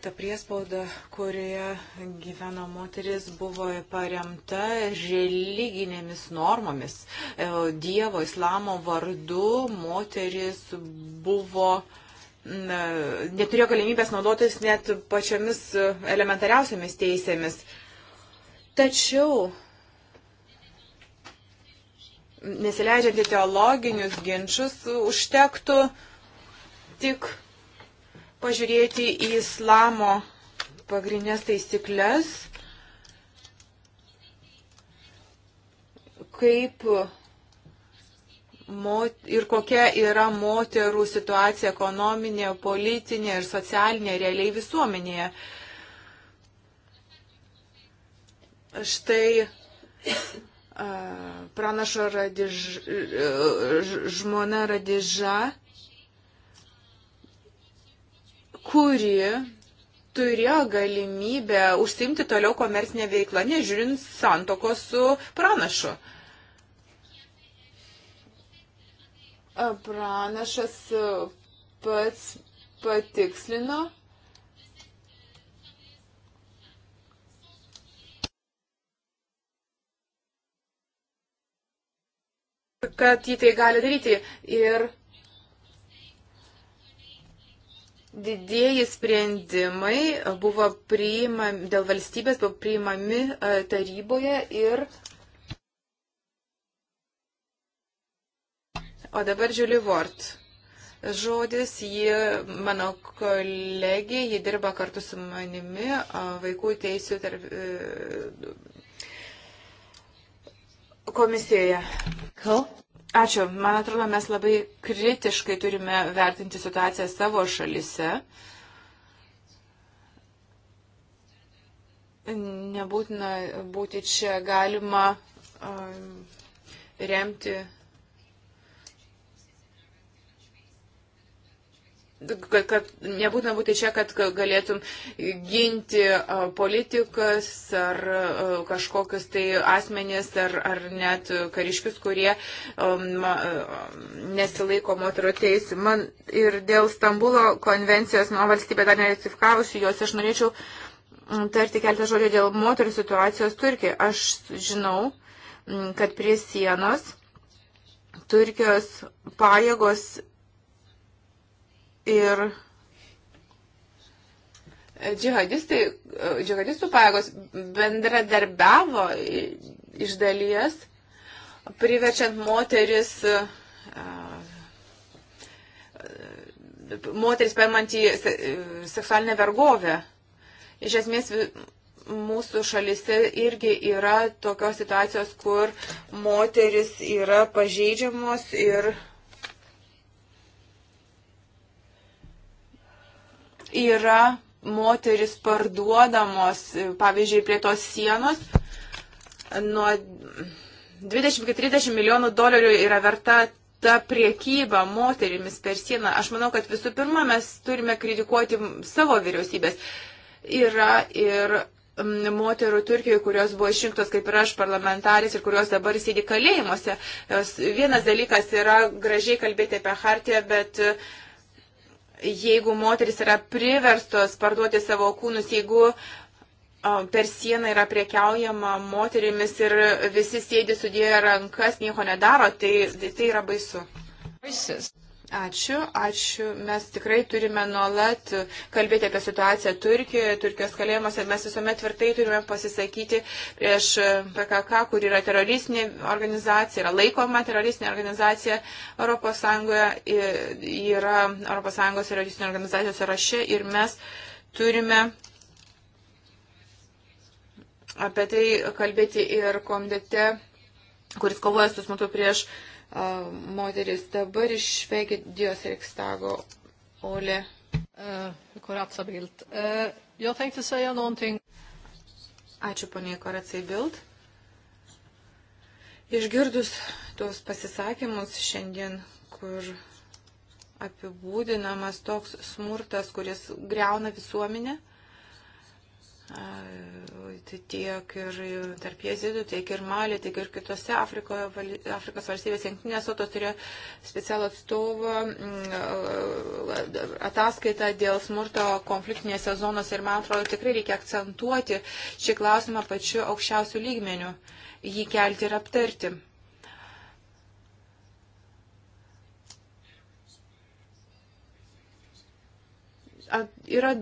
Ta priespauda, kurioje gyveno moteris, buvo paremta religinėmis normomis. E, Dievo islamo vardu moteris buvo, e, neturėjo galimybės naudotis net pačiomis elementariausiamis teisėmis. Tačiau, nesileidžiant į teologinius ginčius, užtektų tik pažiūrėti į islamo pagrindinės taisyklės, kaip ir kokia yra moterų situacija ekonominė, politinė ir socialinė realiai visuomenėje. Štai pranašo radiž, žmona Radiža kuri turėjo galimybę užsimti toliau komercinę veiklą, nežiūrint santokos su pranašu. Pranašas e, pats patikslino, kad jį tai gali daryti. Ir didieji sprendimai buvo priimami, dėl valstybės buvo priimami e, taryboje ir. O dabar Julie Ward. Žodis, ji mano kolegė, ji dirba kartu su manimi e, vaikų teisų tarp, e, komisijoje. Cool. Ačiū. Man atrodo, mes labai kritiškai turime vertinti situaciją savo šalise. Nebūtina būti čia galima um, remti kad, kad nebūtina būti čia, kad galėtum ginti politikas ar kažkokius tai asmenės ar, ar net kariškius, kurie um, nesilaiko moterų teisų. Man ir dėl Stambulo konvencijos, nuo valstybė dar neratifikavusi jos, aš norėčiau mm, tarti keltą žodį dėl moterų situacijos Turkijoje. Aš žinau, mm, kad prie sienos Turkijos pajėgos Ir džihadistai, džihadistų pajėgos bendradarbiavo iš dalies, priverčiant moteris, moteris paimant į seksualinę vergovę. Iš esmės mūsų šalise irgi yra tokios situacijos, kur moteris yra pažeidžiamos ir yra moteris parduodamos, pavyzdžiui, prie tos sienos nuo 20-30 milijonų dolerių yra verta ta priekyba moterimis per sieną. Aš manau, kad visų pirma mes turime kritikuoti savo vyriausybės. Yra ir moterų Turkijoje, kurios buvo išrinktos kaip ir aš parlamentarės ir kurios dabar sėdi kalėjimuose. Vienas dalykas yra gražiai kalbėti apie hartiją, bet uh, jeigu moteris yra priverstos parduoti savo kūnus, jeigu per sieną yra priekiaujama moterimis ir visi sėdi sudėję rankas, nieko nedaro, tai, tai yra baisu. Ačiū, ačiū. Mes tikrai turime nuolat kalbėti apie situaciją Turkijoje, Turkijos kalėjimuose. Mes visuomet tvirtai turime pasisakyti prieš PKK, kur yra teroristinė organizacija, yra laikoma teroristinė organizacija ES, yra ES teroristinė organizacija sąraše ir mes turime apie tai kalbėti ir komitete, kuris kovoja su smurtu prieš PKK moteris. Dabar iš Švedijos riksdago Ole. Koratsa Bild. Jag tänkte säga någonting. Ačiū ponė Koratsai Bild. Išgirdus tuos pasisakymus šiandien, kur apibūdinamas toks smurtas, kuris greuna visuomenę, uh, Tai tiek ir tarp jezidų, tiek ir Malė, tiek ir kitose Afriko, Afrikos valstybės jungtinės autos turėjo specialų atstovą mm, ataskaitą dėl smurto konfliktinėse zonose ir man atrodo tikrai reikia akcentuoti šį klausimą pačiu aukščiausiu lygmeniu, jį kelti ir aptarti. Yra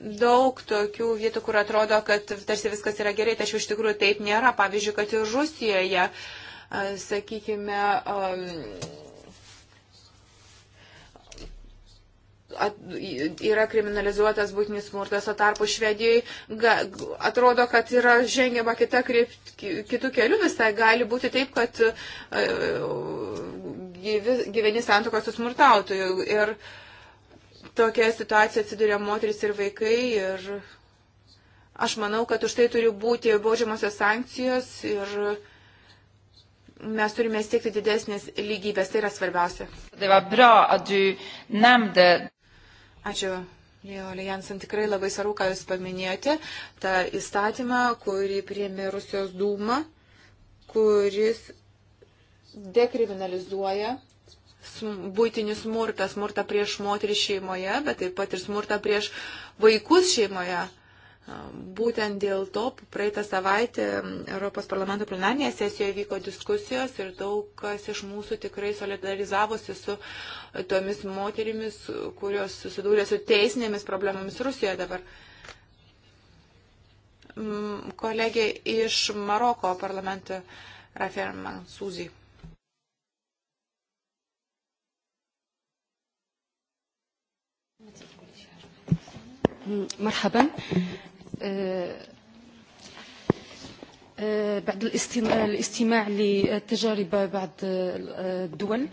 daug tokių vietų, kur atrodo, kad tarsi viskas yra gerai, tačiau iš tikrųjų taip nėra. Pavyzdžiui, kad ir Rusijoje, sakykime, At, yra kriminalizuotas būtinis smurtas, o tarpu Švedijai atrodo, kad yra žengiama kita kryp, kitų kelių visai. Gali būti taip, kad e, gyvi, gyveni santokos su smurtautoju. Ir, e, tokia situacija atsiduria moteris ir vaikai ir aš manau, kad už tai turi būti baudžiamosios sankcijos ir mes turime siekti didesnės lygybės, tai yra svarbiausia. Ačiū. Jolė Jansen, tikrai labai svarbu, ką Jūs paminėjote, tą įstatymą, kurį priėmė Rusijos dūma, kuris dekriminalizuoja būtinį smurtą, smurtą prieš moterį šeimoje, bet taip pat ir smurtą prieš vaikus šeimoje. Būtent dėl to praeitą savaitę Europos parlamento plenarnėje sesijoje vyko diskusijos ir daug kas iš mūsų tikrai solidarizavosi su tomis moterimis, kurios susidūrė su teisinėmis problemomis Rusijoje dabar. Kolegė iš Maroko parlamento Rafael Mansūzijai. مرحبا بعد الاستماع لتجارب بعض الدول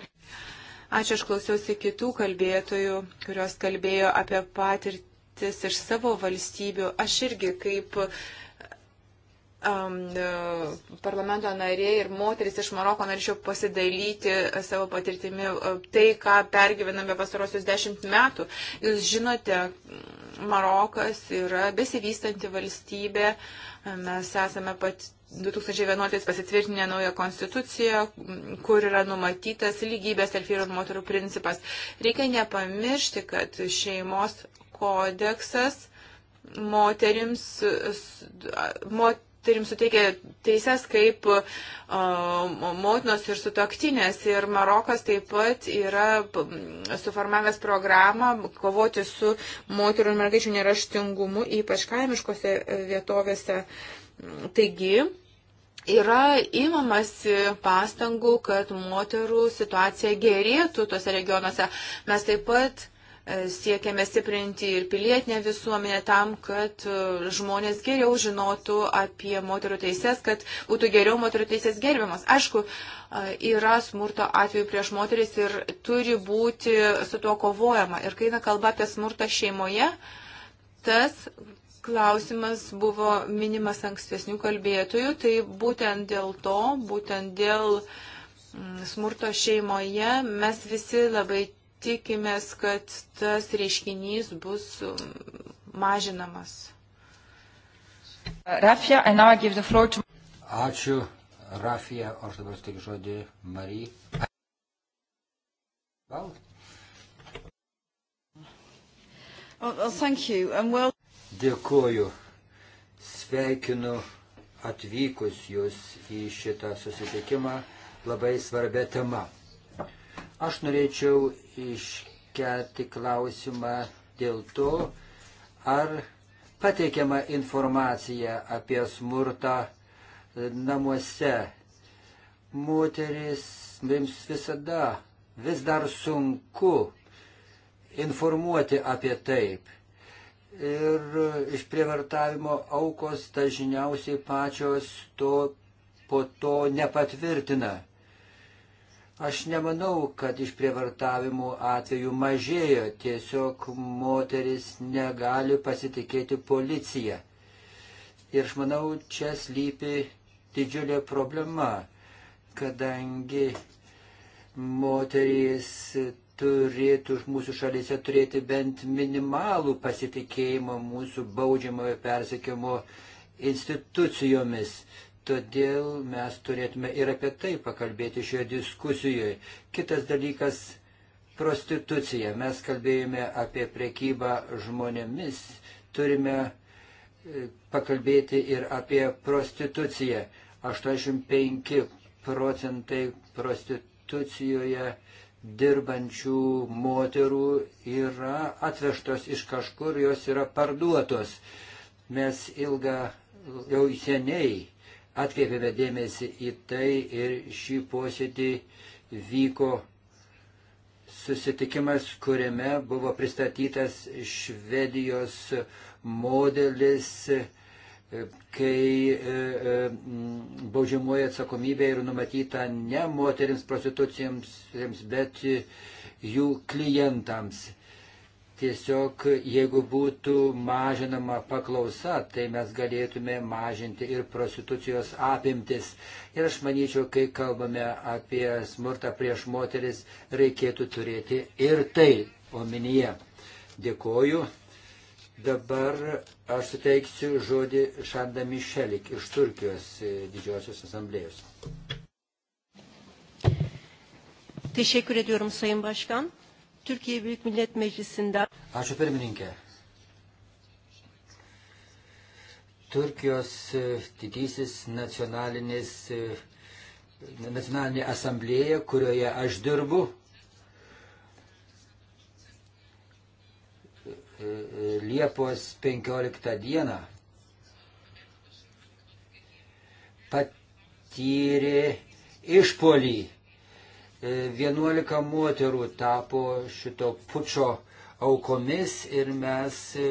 Ačiū, aš klausiausi kitų kalbėtojų, kurios kalbėjo apie patirtis iš savo valstybių. Aš irgi kaip uh, um, parlamento nariai ir moteris iš Maroko norėčiau pasidalyti e, savo patirtimi e, tai, ką pergyvename pastarosius dešimt metų. Jūs žinote, Marokas yra besivystanti valstybė, mes esame pat 2011 pasitvirtinę naują konstituciją, kur yra numatytas lygybės tarp vyrų ir moterų principas. Reikia nepamiršti, kad šeimos kodeksas moterims, mot, moterim suteikia teises kaip uh, motinos ir sutoktinės. Ir Marokas taip pat yra mm, suformavęs programą kovoti su moterų ir mergaičių neraštingumu, ypač kaimiškose uh, vietovėse. Taigi, yra įmamasi pastangų, kad moterų situacija gerėtų tose regionuose. Mes taip pat siekiame stiprinti ir pilietinę visuomenę tam, kad e, žmonės geriau žinotų apie moterų teises, kad būtų geriau moterų teises gerbiamas. Aišku, e, yra smurto atveju prieš moteris ir turi būti su tuo kovojama. Ir kai eina kalba apie smurtą šeimoje, tas klausimas buvo minimas ankstesnių kalbėtojų, tai būtent dėl to, būtent dėl mm, smurto šeimoje mes visi labai tikimės, kad tas reiškinys bus um, mažinamas. Rafija, I now give the floor to... Ačiū, Rafija, o aš dabar tik žodį Marijai. Gal? Well... Dėkuoju. Sveikinu atvykus jūs į šitą susitikimą labai svarbia tema. Aš norėčiau iškelti klausimą dėl to, ar pateikiama informacija apie smurtą e, namuose. Moteris mums visada vis dar sunku informuoti apie taip. Ir išprievartavimo aukos dažniausiai pačios to po to nepatvirtina. Aš nemanau, kad išprievartavimų atveju mažėjo, tiesiog moteris negali pasitikėti policija. Ir aš manau, čia slypi didžiulė problema, kadangi moterys turėtų mūsų šalyse turėti bent minimalų pasitikėjimą mūsų baudžiamojo persekiamo institucijomis. Todėl mes turėtume ir apie tai pakalbėti šioje diskusijoje. Kitas dalykas - prostitucija. Mes kalbėjome apie prekybą žmonėmis. Turime e, pakalbėti ir apie prostituciją. 85 procentai prostitucijoje dirbančių moterų yra atvežtos iš kažkur, jos yra parduotos. Mes ilgą, jau seniai atkreipėme dėmesį į tai ir šį posėdį vyko susitikimas, kuriame buvo pristatytas Švedijos modelis, e, kai e, e, baudžiamoji atsakomybė yra numatyta ne moteriams prostitucijams, bet jų klientams. Tiesiog jeigu būtų mažinama paklausa, tai mes galėtume mažinti ir prostitucijos apimtis. Ir aš manyčiau, kai kalbame apie smurtą prieš moteris, reikėtų turėti ir tai omenyje. Dėkoju. Dabar aš suteiksiu žodį Šanda Mišelik iš Turkijos e, didžiosios asamblėjos. Teşekkür ediyorum Sayın Başkan. Türkiye Büyük Millet Meclisi'nden... Ačiū pirmininkė. Turkijos e, didysis nacionalinis, e, nacionalinė asamblėja, kurioje aš dirbu, e, Liepos 15 dieną patyrė išpolį 11 e, moterų tapo šito pučio aukomis ir mes e,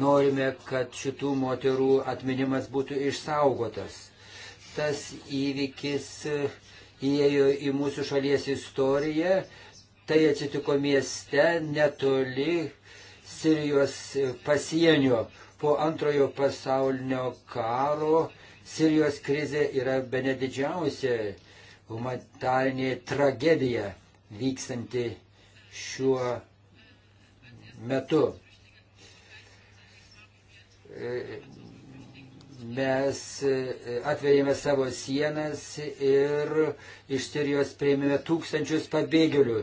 norime, kad šitų moterų atminimas būtų išsaugotas. Tas įvykis e, įėjo į mūsų šalies istoriją. Tai atsitiko mieste netoli Sirijos pasienio. Po antrojo pasaulinio karo Sirijos krizė yra benedidžiausia humanitarinė tragedija vykstanti šiuo metu. Mes atverėme savo sienas ir iš Sirijos prieimėme tūkstančius pabėgėlių.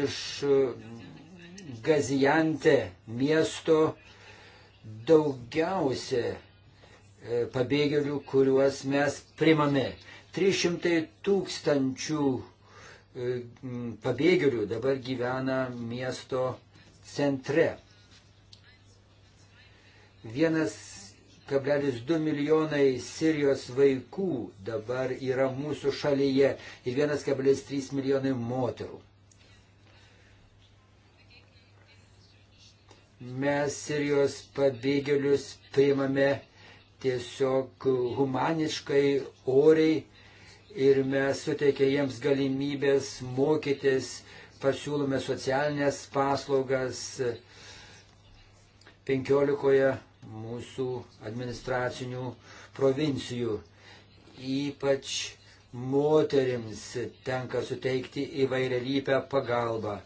Iš Gazijante miesto daugiausia pabėgėlių, kuriuos mes primame. 300 tūkstančių e, pabėgėlių dabar gyvena miesto centre. 1,2 milijonai Sirijos vaikų dabar yra mūsų šalyje ir 1,3 milijonai moterų. Mes Sirijos pabėgėlius priimame tiesiog humaniškai, oriai ir mes suteikia jiems galimybės mokytis, pasiūlome socialinės paslaugas 15 mūsų administracinių provincijų. Ypač moterims tenka suteikti įvairialypę pagalbą.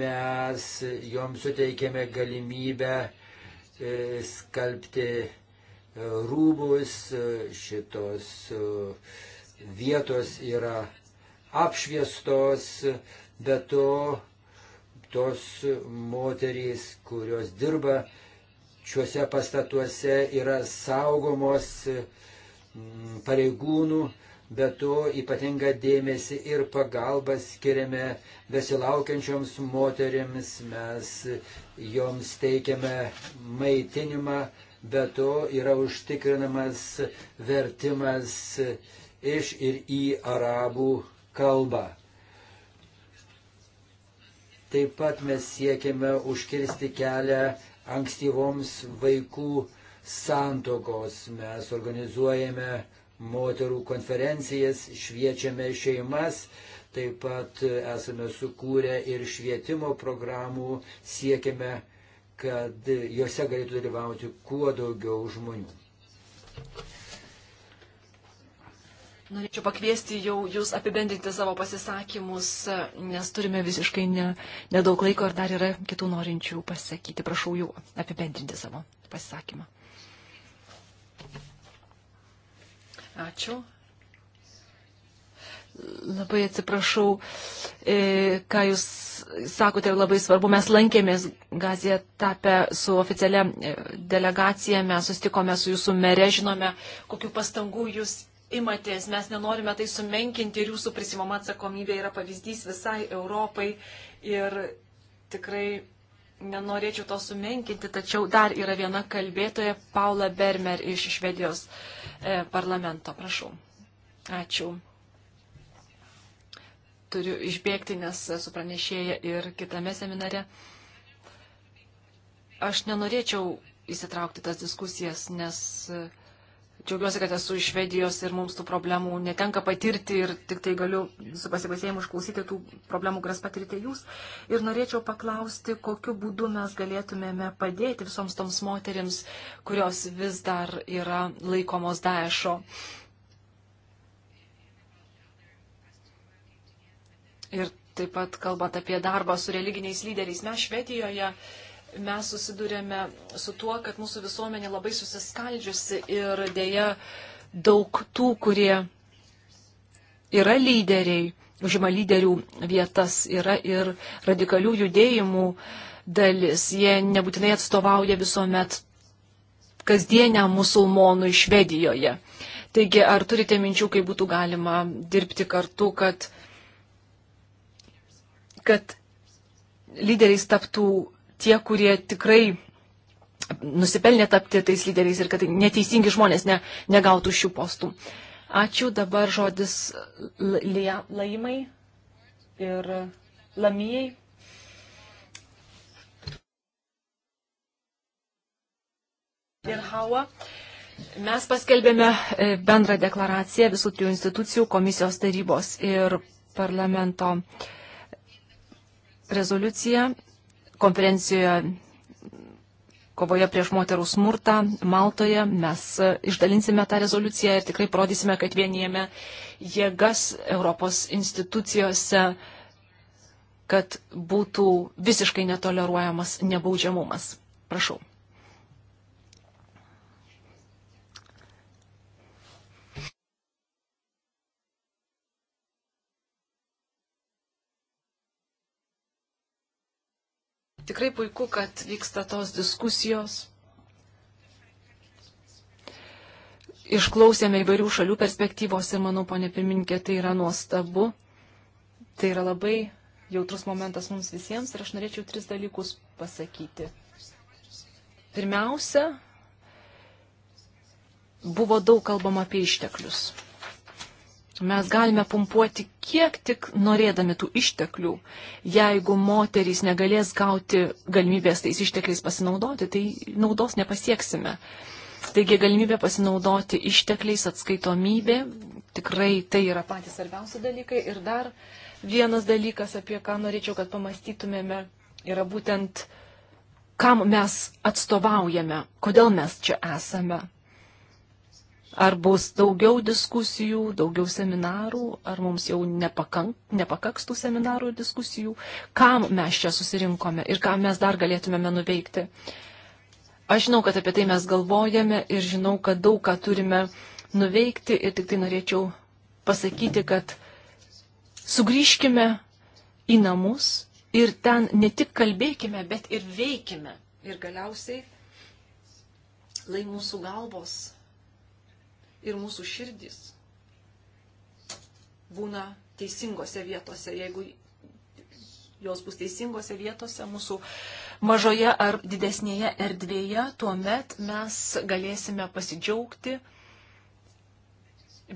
Mes joms suteikėme galimybę e, skalbti e, rūbus, e, šitos uh, vietos yra apšviestos, bet to tos moterys, kurios dirba šiuose pastatuose, yra saugomos mm, pareigūnų, bet to ypatinga dėmesį ir pagalbą skiriame besilaukiančioms moteriams, mes joms teikiame maitinimą, bet to yra užtikrinamas vertimas iš ir į arabų kalbą. Taip pat mes siekiame užkirsti kelią ankstyvoms vaikų santokos. Mes organizuojame moterų konferencijas, šviečiame šeimas, taip pat esame sukūrę ir švietimo programų, siekiame, kad juose galėtų dalyvauti kuo daugiau žmonių. Norėčiau pakviesti jau jūs apibendinti savo pasisakymus, nes turime visiškai ne, nedaug laiko ir dar yra kitų norinčių pasakyti. Prašau jų apibendinti savo pasisakymą. Ačiū. Labai atsiprašau, e, ką Jūs sakote, labai svarbu. Mes lankėmės Gazė tapę su oficialia e, delegacija, mes sustikome su Jūsų mere, žinome, kokiu pastangu Jūs imatės, mes nenorime tai sumenkinti ir jūsų prisimama atsakomybė yra pavyzdys visai Europai ir tikrai nenorėčiau to sumenkinti, tačiau dar yra viena kalbėtoja, Paula Bermer iš Švedijos e, parlamento. Prašau. Ačiū. Turiu išbėgti, nes esu pranešėję ir kitame seminare. Aš nenorėčiau įsitraukti tas diskusijas, nes uh, Džiaugiuosi, kad esu iš Švedijos ir mums tų problemų netenka patirti ir tik tai galiu su pasibaisėjimu išklausyti tų problemų, kurias patirite jūs. Ir norėčiau paklausti, kokiu būdu mes galėtumėme padėti visoms toms moterims, kurios vis dar yra laikomos daešo. Ir taip pat kalbant apie darbą su religiniais lyderiais. Mes Švedijoje mes susidurėme su tuo, kad mūsų visuomenė labai susiskaldžiusi ir dėja daug tų, kurie yra lyderiai, užima lyderių vietas, yra ir radikalių judėjimų dalis. Jie nebūtinai atstovauja visuomet kasdieniam musulmonui Švedijoje. Taigi, ar turite minčių, kaip būtų galima dirbti kartu, kad, kad lyderiais taptų tie, kurie tikrai nusipelnė tapti tais lyderiais ir kad neteisingi žmonės ne, negautų šių postų. Ačiū, dabar žodis laimai ir lamijai. Ir Hawa. Mes paskelbėme e, bendrą deklaraciją visų trijų institucijų, komisijos tarybos ir parlamento rezoliuciją konferencijoje kovoje prieš moterų smurtą Maltoje. Mes e, išdalinsime tą rezoliuciją ir tikrai parodysime, kad vienijame jėgas Europos institucijose, kad būtų visiškai netoleruojamas nebaudžiamumas. Prašau. Tikrai puiku, kad vyksta tos diskusijos. Išklausėme įvairių šalių perspektyvos ir, manau, ponė pirminkė, tai yra nuostabu. Tai yra labai jautrus momentas mums visiems ir aš norėčiau tris dalykus pasakyti. Pirmiausia, buvo daug kalbama apie išteklius. Mes galime pumpuoti kiek tik norėdami tų išteklių. Jeigu moterys negalės gauti galimybės tais ištekliais pasinaudoti, tai naudos nepasieksime. Taigi galimybė pasinaudoti ištekliais atskaitomybė, tikrai tai yra patys svarbiausi dalykai. Ir dar vienas dalykas, apie ką norėčiau, kad pamastytumėme, yra būtent, kam mes atstovaujame, kodėl mes čia esame Ar bus daugiau diskusijų, daugiau seminarų, ar mums jau nepakank, nepakaks tų seminarų ir diskusijų, kam mes čia susirinkome ir ką mes dar galėtumėme nuveikti. Aš žinau, kad apie tai mes galvojame ir žinau, kad daug ką turime nuveikti ir tik tai norėčiau pasakyti, kad sugrįžkime į namus ir ten ne tik kalbėkime, bet ir veikime. Ir galiausiai lai mūsų galvos ir mūsų širdys būna teisingose vietose. Jeigu jos bus teisingose vietose mūsų mažoje ar didesnėje erdvėje, tuomet mes galėsime pasidžiaugti.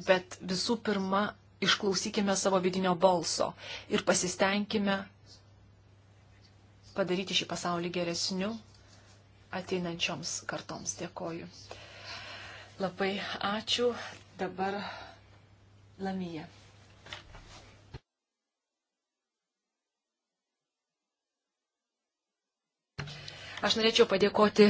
Bet visų pirma, išklausykime savo vidinio balso ir pasistengkime padaryti šį pasaulį geresniu ateinančioms kartoms. Dėkoju. Labai ačiū. Dabar Lamija. Aš norėčiau padėkoti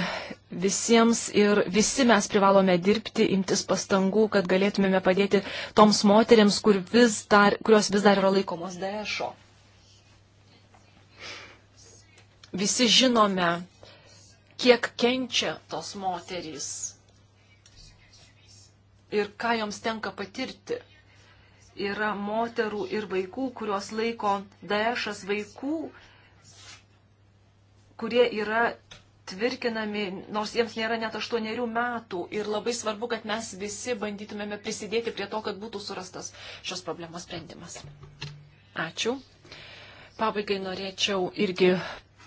visiems ir visi mes privalome dirbti, imtis pastangų, kad galėtumėme padėti toms moteriams, kur vis dar, kurios vis dar yra laikomos dešo. Visi žinome, kiek kenčia tos moterys ir ką joms tenka patirti. Yra moterų ir vaikų, kurios laiko Daešas vaikų, kurie yra tvirkinami, nors jiems nėra net aštuonerių metų. Ir labai svarbu, kad mes visi bandytumėme prisidėti prie to, kad būtų surastas šios problemos sprendimas. Ačiū. Pabaigai norėčiau irgi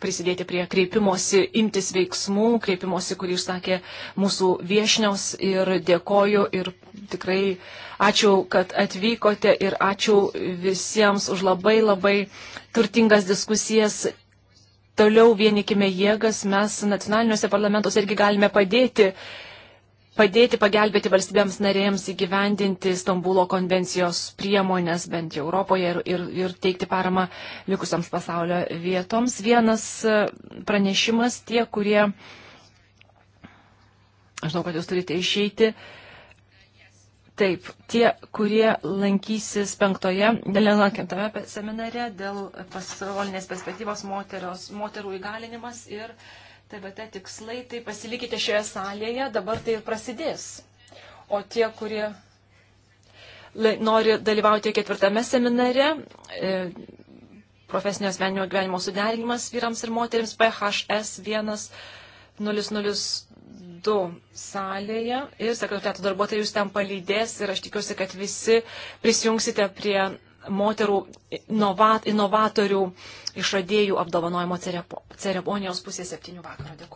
prisidėti prie kreipimosi, imtis veiksmų, kreipimosi, kurį išsakė mūsų viešnios ir dėkoju ir tikrai ačiū, kad atvykote ir ačiū visiems už labai labai turtingas diskusijas. Toliau vienikime jėgas, mes nacionaliniuose parlamentuose irgi galime padėti padėti, pagelbėti valstybėms narėms įgyvendinti Stambulo konvencijos priemonės bent jau Europoje ir, ir, ir teikti paramą likusiams pasaulio vietoms. Vienas e, pranešimas tie, kurie, aš žinau, kad jūs turite išeiti, Taip, tie, kurie lankysis penktoje, dalyvaukintame seminare dėl pasaulinės perspektyvos moteros, moterų įgalinimas ir uh, TVT tikslai, tai pasilikite šioje salėje, dabar tai ir prasidės. O tie, kurie nori dalyvauti ketvirtame seminare, e, profesinio asmeninio gyvenimo suderinimas vyrams ir moteriams PHS 1002 salėje ir sekretariato darbuotojai jūs ten palydės ir aš tikiuosi, kad visi prisijungsite prie moterų inovat, inovatorių išradėjų apdovanojimo ceremonijos pusė septynių vakaro. Dėkui.